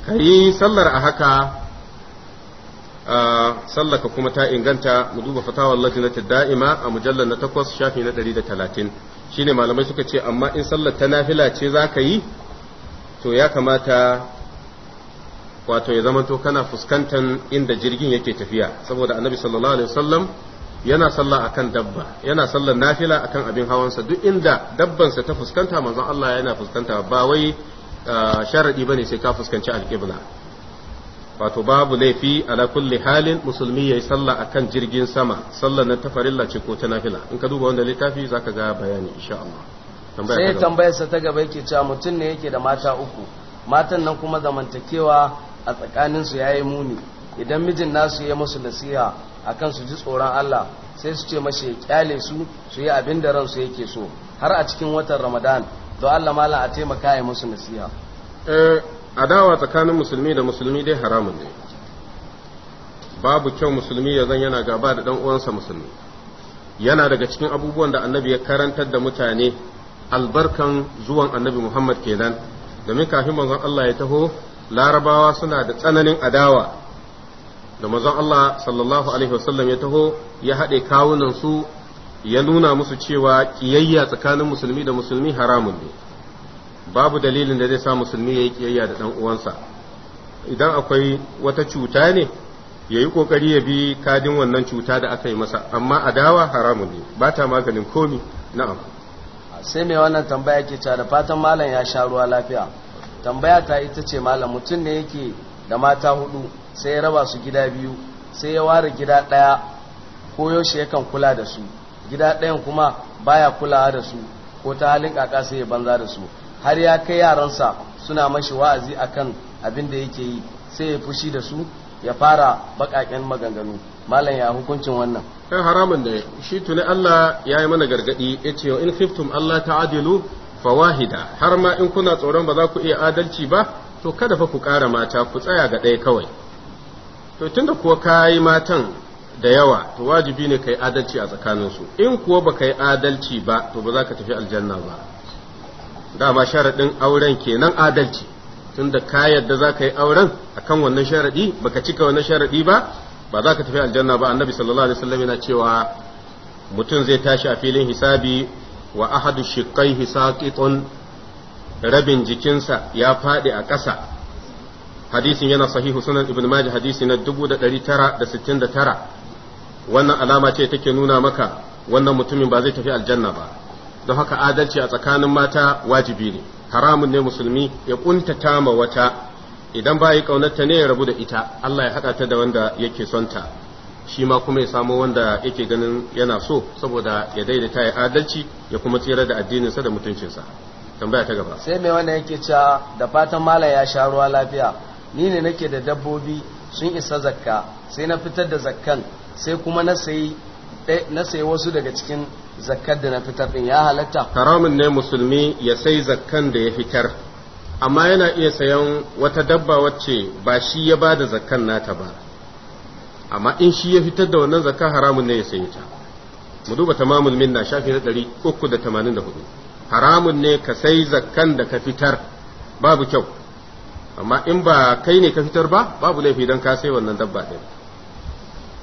ka sallar a haka sallaka kuma ta inganta mu duba fatawar lajinata da'ima a mujallar na takwas shafi na ɗari da talatin shine malamai suka ce amma in sallar ta nafila ce za ka yi to ya kamata wato ya zamanto kana fuskantan inda jirgin yake tafiya saboda annabi sallallahu alaihi wasallam yana sallah akan dabba yana sallar nafila akan abin hawan sa duk inda dabbansa ta fuskanta manzon Allah yana fuskanta ba wai ah, sharadi bane sai ka fuskanci alqibla wato babu laifi ala kulli halin musulmi yayi sallah akan jirgin sama sallar na tafarilla ce ko ta nafila in ka duba wannan littafi zaka ga bayani insha Allah sai tambayarsa ta gaba yake cewa mutum ne yake da mata uku matan nan kuma zamantakewa a tsakaninsu ya yi muni idan mijin nasu ya musu nasiha akan su ji tsoron Allah sai su ce mashi ya kyale su su yi abin da ransu yake so har a cikin watan Ramadan to Allah mala a taimaka ya musu nasiha eh adawa tsakanin musulmi da musulmi dai haramun ne babu kyau musulmi ya zan yana gaba da dan uwansa musulmi yana daga cikin abubuwan da annabi ya karantar da mutane albarkan zuwan annabi Muhammad kenan domin kafin manzon Allah ya taho larabawa suna da tsananin adawa da mazan Allah sallallahu alaihi wasallam ya taho ya haɗe kawunan su ya nuna musu cewa ƙiyayya tsakanin musulmi da musulmi haramun ne babu dalilin da zai sa musulmi ya yi kiyayya da ɗan uwansa idan akwai wata cuta ne ya yi ƙoƙari ya bi kadin wannan cuta da aka yi masa amma adawa haramun ne ba ta maganin komi na'am sai mai wannan tambaya ke da fatan malam ya sha ruwa lafiya tambaya ta ita ce malam mutum ne yake da mata hudu sai ya raba su gida biyu sai ya ware gida ɗaya ko yaushe yakan kula da su gida ɗayan kuma baya kulawa da su ko ta halin kaka sai ya banza da su har ya kai yaransa suna mashi wa'azi akan abin da yake yi sai ya fushi da su ya fara bakaken maganganu malam ya hukuncin wannan kan haramun da shi tuni Allah ya yi mana gargadi ya ce in khiftum Allah ta ta'adilu fawahida har ma in kuna tsoron ba za ku iya adalci ba to kada fa ku ƙara mata ku tsaya ga ɗaya kawai to tunda kuwa ka yi matan da yawa to wajibi ne ka yi adalci a tsakaninsu in kuwa ba ka yi adalci ba to ba za ka tafi aljanna ba dama sharaɗin auren kenan adalci tunda ka yadda za ka yi auren akan wannan sharaɗi ka cika wannan sharaɗi ba ba za ka tafi aljanna ba annabi sallallahu alaihi wasallam yana cewa mutum zai tashi a filin hisabi wa ahadu shiqqaihi saqitun rabin jikinsa ya faɗi a ƙasa hadisin yana sahihu sunan ibn majah hadisi na 1969 wannan alama ce take nuna maka wannan mutumin ba zai tafi aljanna ba don haka adalci a tsakanin mata wajibi ne haramun ne musulmi ya kuntata ma wata idan ba yi ƙaunarta ne ya rabu da ita Allah ya haɗa ta da wanda yake son ta shi ma kuma ya samo wanda yake ganin yana so saboda ya daidaita ya adalci ya kuma tsira da addininsa da mutuncinsa tambaya ta gaba sai mai wanda yake cewa da fatan malam ya sha ruwa lafiya ni ne nake da dabbobi sun isa zakka sai na fitar da zakkan sai kuma na sayi eh, na wasu daga cikin zakkar da na fitar din ya halatta haramun ne musulmi ya sai zakkan da ya fitar amma yana iya sayan wata dabba wacce ba shi ya bada zakkan nata ba amma in shi ya fitar da wannan zakka haramun ne ya sayi ta mu duba tamamul minna shafi na 384 haramun ne ka sai zakkan da ka fitar babu kyau amma in ba kai ne ka fitar ba babu laifi dan ka sai wannan dabba din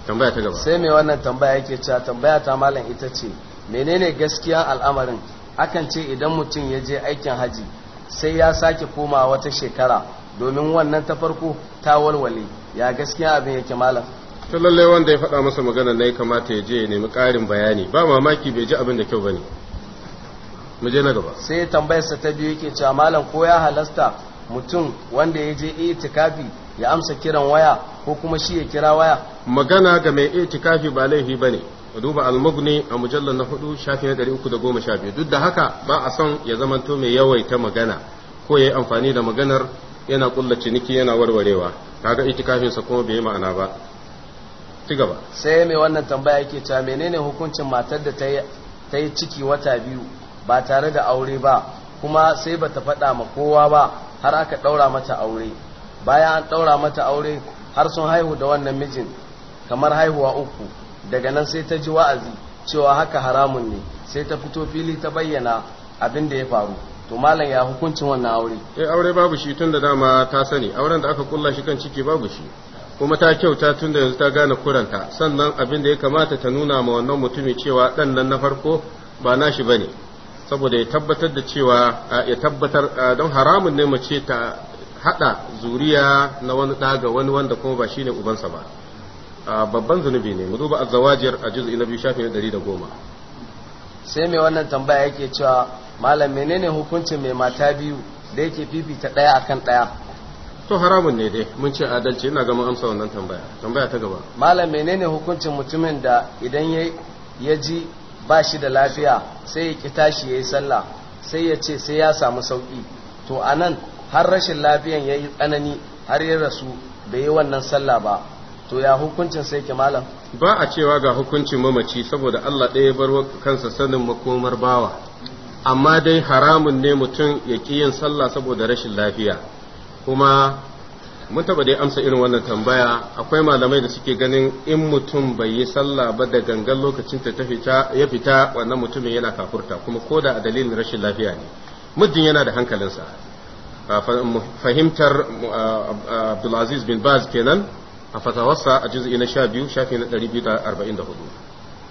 tambaya ta gaba sai me wannan tambaya yake cewa tambaya ta malam ita ce menene gaskiya al'amarin akan ce idan mutum ya je aikin haji sai ya sake koma wata shekara domin wannan ta farko ta walwale ya gaskiya abin yake malam ta lallai wanda ya faɗa masa magana na ya kamata ya je ya nemi ƙarin bayani ba mamaki bai ji abin da kyau bane mu je na gaba sai tambayarsa ta biyu yake cewa malam ko ya halasta mutum wanda ya je itikafi ya amsa kiran waya ko kuma shi ya kira waya magana ga mai itikafi ba laifi ba bane duba almugni a mujallar na hudu shafi na biyu duk da haka ba a son ya zamanto mai yawaita magana ko ya yi amfani da maganar yana ƙulla ciniki yana warwarewa kaga itikafinsa kuma bai yi ma'ana ba ci sai mai wannan tambaya yake cewa menene hukuncin matar da ta yi ciki wata biyu ba tare da aure ba kuma sai bata faɗa ma kowa ba har aka ɗaura mata aure bayan an ɗaura mata aure har sun haihu da wannan mijin kamar haihuwa uku daga nan sai ta ji wa'azi cewa haka haramun ne sai ta fito fili ta bayyana abin da ya faru to malam ya hukuncin wannan aure eh aure babu shi tun da dama ta sani auren da aka kulla shi kan ciki babu shi kuma ta kyauta tun da yanzu ta gane kuranta sannan abin da ya kamata ta nuna ma wannan mutumin cewa ɗan nan na farko ba nashi ba ne saboda ya tabbatar da cewa ya tabbatar don haramun ne mace ta haɗa zuriya na wani ɗa ga wani wanda kuma ba shine ubansa ba babban zunubi ne mu duba azawajiyar a juz'i na biyu shafi na ɗari da goma sai mai wannan tambaya yake cewa malam menene hukuncin mai mata biyu da yake fifita ɗaya akan ɗaya to haramun ne dai mun ce adalci ina gama amsa wannan tambaya tambaya ta gaba malam menene hukuncin mutumin da idan ya ji ba shi da lafiya sai ya ki tashi yayi sallah sai ya ce sai ya samu sauki to anan har rashin lafiyan yayi tsanani har ya rasu bai yi wannan sallah ba to ya hukuncin sai ke malam ba a cewa ga hukuncin mamaci saboda Allah ɗaya bar kansa sanin makomar bawa amma dai haramun ne mutum ya ki yin sallah saboda rashin lafiya kuma mun taba dai amsa irin wannan tambaya akwai malamai da suke ganin in mutum bai yi sallah ba da gangan lokacin ta ya fita wannan mutumin yana kafurta kuma ko da a dalilin rashin lafiya ne muddin yana da hankalinsa fahimtar abdulaziz bin baz kenan a fatawarsa a juz'i na sha biyu shafi na 244 biyu da arba'in da hudu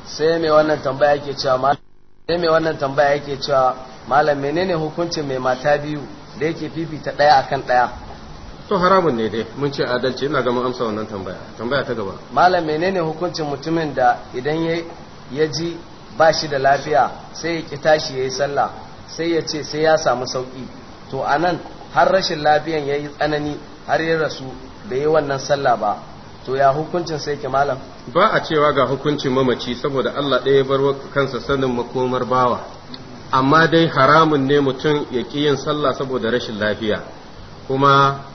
sai mai wannan tambaya yake cewa sai mai wannan tambaya yake cewa malam menene hukuncin mai mata biyu da yake fifita ɗaya akan ɗaya to haramun ne dai mun ce adalci ina ga amsa wannan tambaya tambaya ta gaba malam menene hukuncin mutumin da idan ya ji ba shi da lafiya sai ya ki tashi yayi sallah sai ya ce sai ya samu sauki to anan har rashin lafiyan yayi tsanani har ya rasu bai yi wannan sallah ba to ya hukuncin sai ki malam ba a cewa ga hukuncin mamaci saboda Allah ɗaya ya bar kansa sanin makomar bawa amma dai haramun ne mutum ya ƙi yin sallah saboda rashin lafiya kuma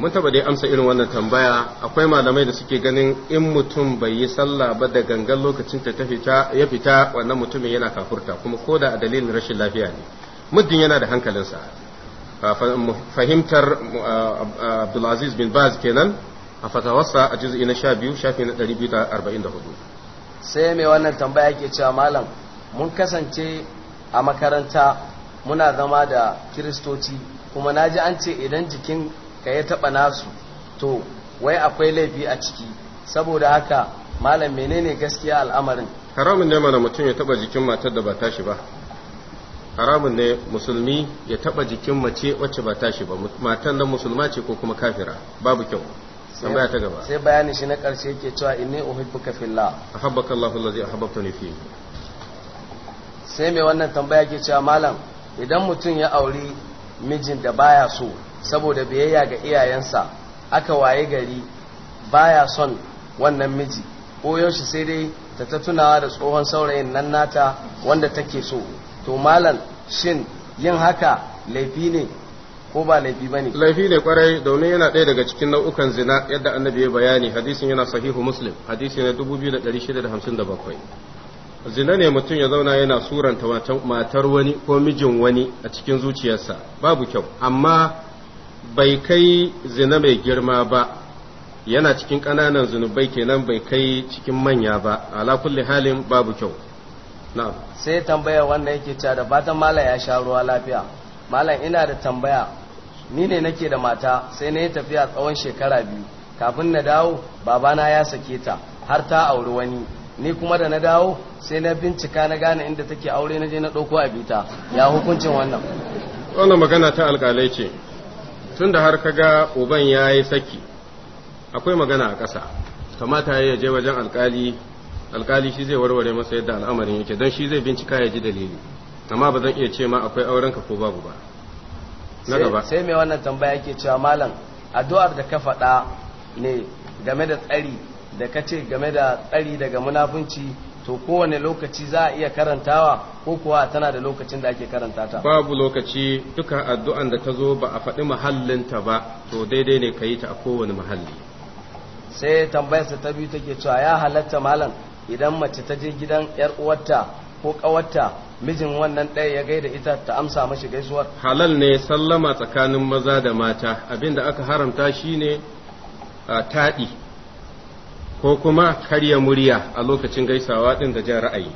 mun taba dai amsa irin wannan tambaya akwai malamai da suke ganin in mutum bai yi sallah ba da gangan lokacin ta fita ya fita wannan mutumin yana kafurta kuma ko da a dalilin rashin lafiya ne muddin yana da hankalinsa fahimtar Abdulaziz bin Baz kenan a fatawarsa a juz'i na 12 shafi na 244 sai mai wannan tambaya yake cewa malam mun kasance a makaranta muna zama da kiristoci kuma na ji an ce idan jikin ka yi taɓa nasu to wai akwai laifi a ciki saboda haka malam menene gaskiya al'amarin haramun ne mana mutum ya taɓa jikin matar da ba tashi ba haramun ne musulmi ya taɓa jikin mace wacce ba tashi ba matan nan musulma ce ko kuma kafira babu kyau tambaya ta gaba sai bayani shi na ƙarshe yake cewa inni uhibbuka fillah ahabbaka Allahu allazi ahabbtani fi sai mai wannan tambaya ke cewa malam idan mutum ya auri mijin da baya so saboda biyayya ga iyayensa aka waye gari baya son wannan miji ko yaushe sai dai ta ta tunawa da tsohon saurayin nan nata wanda take so to malam shin yin haka laifi ne ko ba laifi ba ne laifi ne kwarai domin yana ɗaya daga cikin nau'ukan zina yadda annabi ya bayani hadisin yana sahihu muslim hadisi na 2657 zina ne mutum ya zauna yana suranta matar wani ko mijin wani a cikin zuciyarsa babu kyau amma bai kai zina mai girma ba yana cikin ƙananan zunubai kenan bai kai cikin manya ba ala kulli halin babu kyau na'am sai tambaya wanda yake cewa da fatan malam ya sha ruwa lafiya malam ina da tambaya ni ne nake da mata sai na yi tafiya tsawon shekara biyu kafin na dawo babana ya sake ta har ta auri wani ni kuma da na dawo sai na bincika na gane inda take aure na je na ɗauko a bita ya hukuncin wannan wannan magana ta alƙalai ce tun da har ka ga uban ya yi saki akwai magana a ƙasa kamata ya je wajen alkali alkali shi zai warware masa yadda al'amarin yake don shi zai bincika ya ji dalili amma ba zan iya ce ma akwai auren ka ko babu ba sai mai wannan tambaya ke cewa malam addu'ar da ka faɗa ne game da tsari da ka ce game da tsari daga munafunci to kowane lokaci za a iya karantawa ko kuwa tana da lokacin da ake karanta ta babu lokaci duka addu'an da ta zo ba a faɗi ta ba to daidai ne ka yi ta a kowane mahalli sai tambayarsa ta biyu take cewa ya halatta malam idan mace ta je gidan yar uwarta ko ƙawarta mijin wannan ɗaya ya gaida ita ta amsa mashi gaisuwar halal ne sallama tsakanin maza da mata abinda aka haramta shine taɗi ko kuma karya murya a lokacin gaisawa ɗin da jan ra'ayi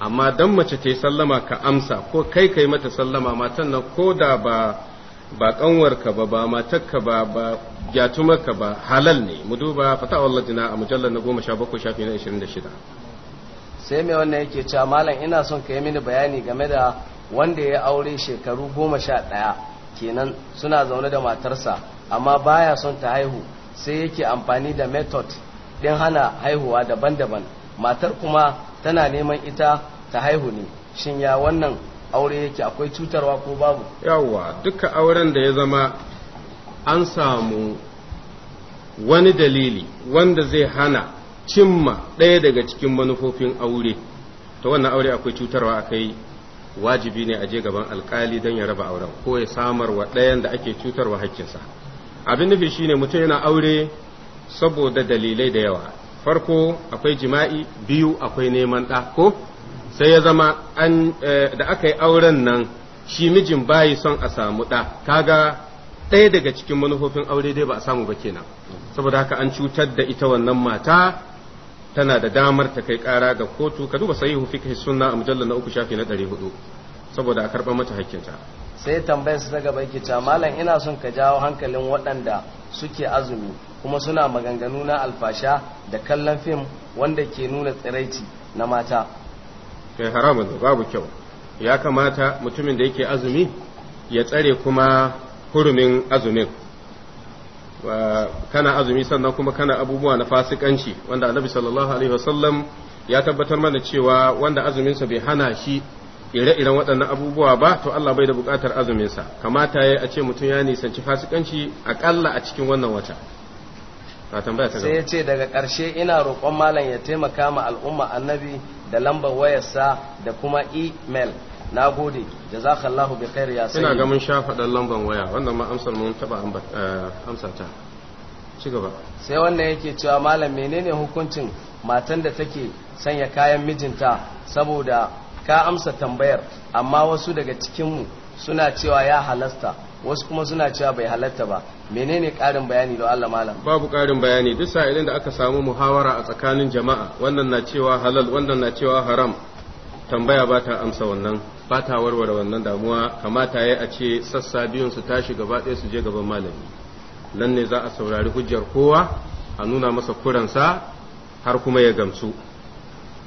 amma dan mace ta yi sallama ka amsa ko kai kai mata sallama matan nan ko da ba ba kanwarka ba ba matarka ba ba gyatumarka ba halal ne mu duba fata jina a mujallar na goma sha bakwai shafi na ishirin da shida sai mai wannan yake cewa malam ina son ka yi mini bayani game da wanda ya aure shekaru goma sha ɗaya kenan suna zaune da matarsa amma baya son ta haihu sai yake amfani da method don hana haihuwa daban-daban matar kuma tana neman ita ta haihu ne shin ya wannan aure yake akwai cutarwa ko babu yawwa duka auren da ya zama an samu wani dalili wanda zai hana cimma ɗaya daga cikin manufofin aure ta wannan aure akwai cutarwa a kai wajibi ne a je gaban alkali don ya raba auren ko ya samar wa ɗayan da ake cutarwa hakkinsa abin nufi shine mutum yana aure saboda dalilai da yawa farko akwai jima'i biyu akwai neman ɗa ko sai ya zama an eh, da aka yi auren nan shi mijin bayi son a samu ɗa kaga ɗaya daga cikin manufofin aure dai ba a samu ba kenan saboda haka an cutar da ita wannan mata tana da damar ta kai ƙara ga kotu ka duba sahihu fiqh sunna a mujallal na uku shafi na 400 saboda a karɓa mata hakkinta sai tambayar su daga gaba yake malam ina son ka jawo hankalin waɗanda suke azumi kuma suna maganganu na alfasha da kallon fim wanda ke nuna tsiraici na mata kai haramun babu kyau ya kamata mutumin da yake azumi ya tsare kuma hurumin azumin kana azumi sannan kuma kana abubuwa na fasikanci wanda annabi sallallahu alaihi wasallam ya tabbatar mana cewa wanda azuminsa bai hana shi ire-iren waɗannan abubuwa ba to Allah bai da buƙatar azuminsa kamata ya a ce mutum ya nisanci fasikanci aƙalla a cikin wannan wata sai ya ce daga ƙarshe ina roƙon malam ya taimaka ma al'umma annabi da lambar wayarsa da kuma email na gode jazakallahu bi khair ya sai ina ga mun sha faɗan lambar waya wannan ma amsar mun taɓa eh, amsa ta ci gaba sai wannan yake cewa malam menene hukuncin matan da take sanya kayan mijinta saboda ka amsa tambayar amma wasu daga cikinmu suna cewa ya halasta wasu kuma suna cewa bai halatta ba menene karin bayani don Allah malam babu karin bayani duk sa'ilin da aka samu muhawara a tsakanin jama'a wannan na cewa halal wannan na cewa haram tambaya ba ta amsa wannan ba ta warware wannan damuwa kamata ya a ce sassa biyun su tashi gaba ɗaya su je gaban malami nan ne za a saurari hujjar kowa a nuna masa kuransa har kuma ya gamsu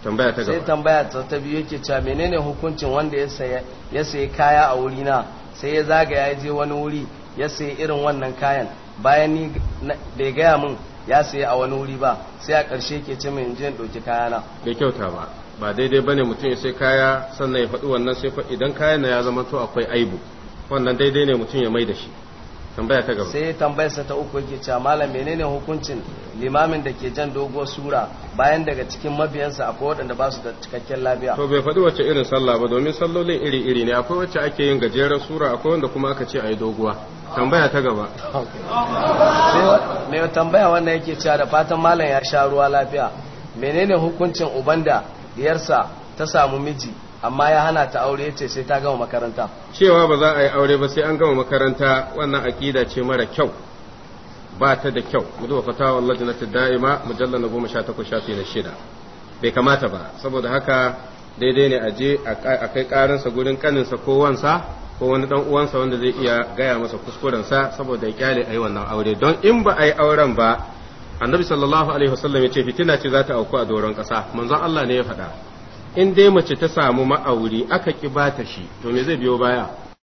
tambaya ta gaba sai tambaya ta ta biyu yake cewa menene hukuncin wanda ya saya sayi kaya a wuri na sai ya zagaya ya je wani wuri ya sayi irin wannan kayan bayan ni bai gaya min ya sayi a wani wuri ba sai a ƙarshe ke ce min je ɗauki kayana bai kyauta ba ba daidai ba ne mutum ya sai kaya sannan ya faɗi wannan sai idan kayan na ya zama to akwai aibu wannan daidai ne mutum ya mai da shi tambaya ta gaba sai tambayarsa ta uku yake cewa malam menene hukuncin limamin da ke jan dogo sura bayan daga cikin mabiyansa akwai waɗanda ba su da cikakken lafiya to bai faɗi wacce irin sallah ba domin sallolin iri iri ne akwai wacce ake yin gajeren sura akwai wanda kuma aka ce ayi doguwa tambaya ta gaba mai tambaya wannan yake cewa da fatan malam ya sha ruwa lafiya menene hukuncin uban da diyarsa ta samu miji amma ya hana ta aure ce sai ta gama makaranta cewa ba za a yi aure ba sai an gama makaranta wannan akida ce mara kyau ba ta da kyau mu duba fatawa Allah ta da'ima mujallal na 18 shafi na shida bai kamata ba saboda haka daidai ne a je a kai karinsa gurin kaninsa ko wansa ko wani dan uwansa wanda zai iya gaya masa kuskurensa saboda ya kyale ayi wannan aure don in ba a yi auren ba annabi sallallahu alaihi wasallam ya ce fitina ce za ta auku a doron ƙasa manzon Allah ne ya faɗa in dai mace ta samu ma'auri aka ƙi bata shi to me zai biyo baya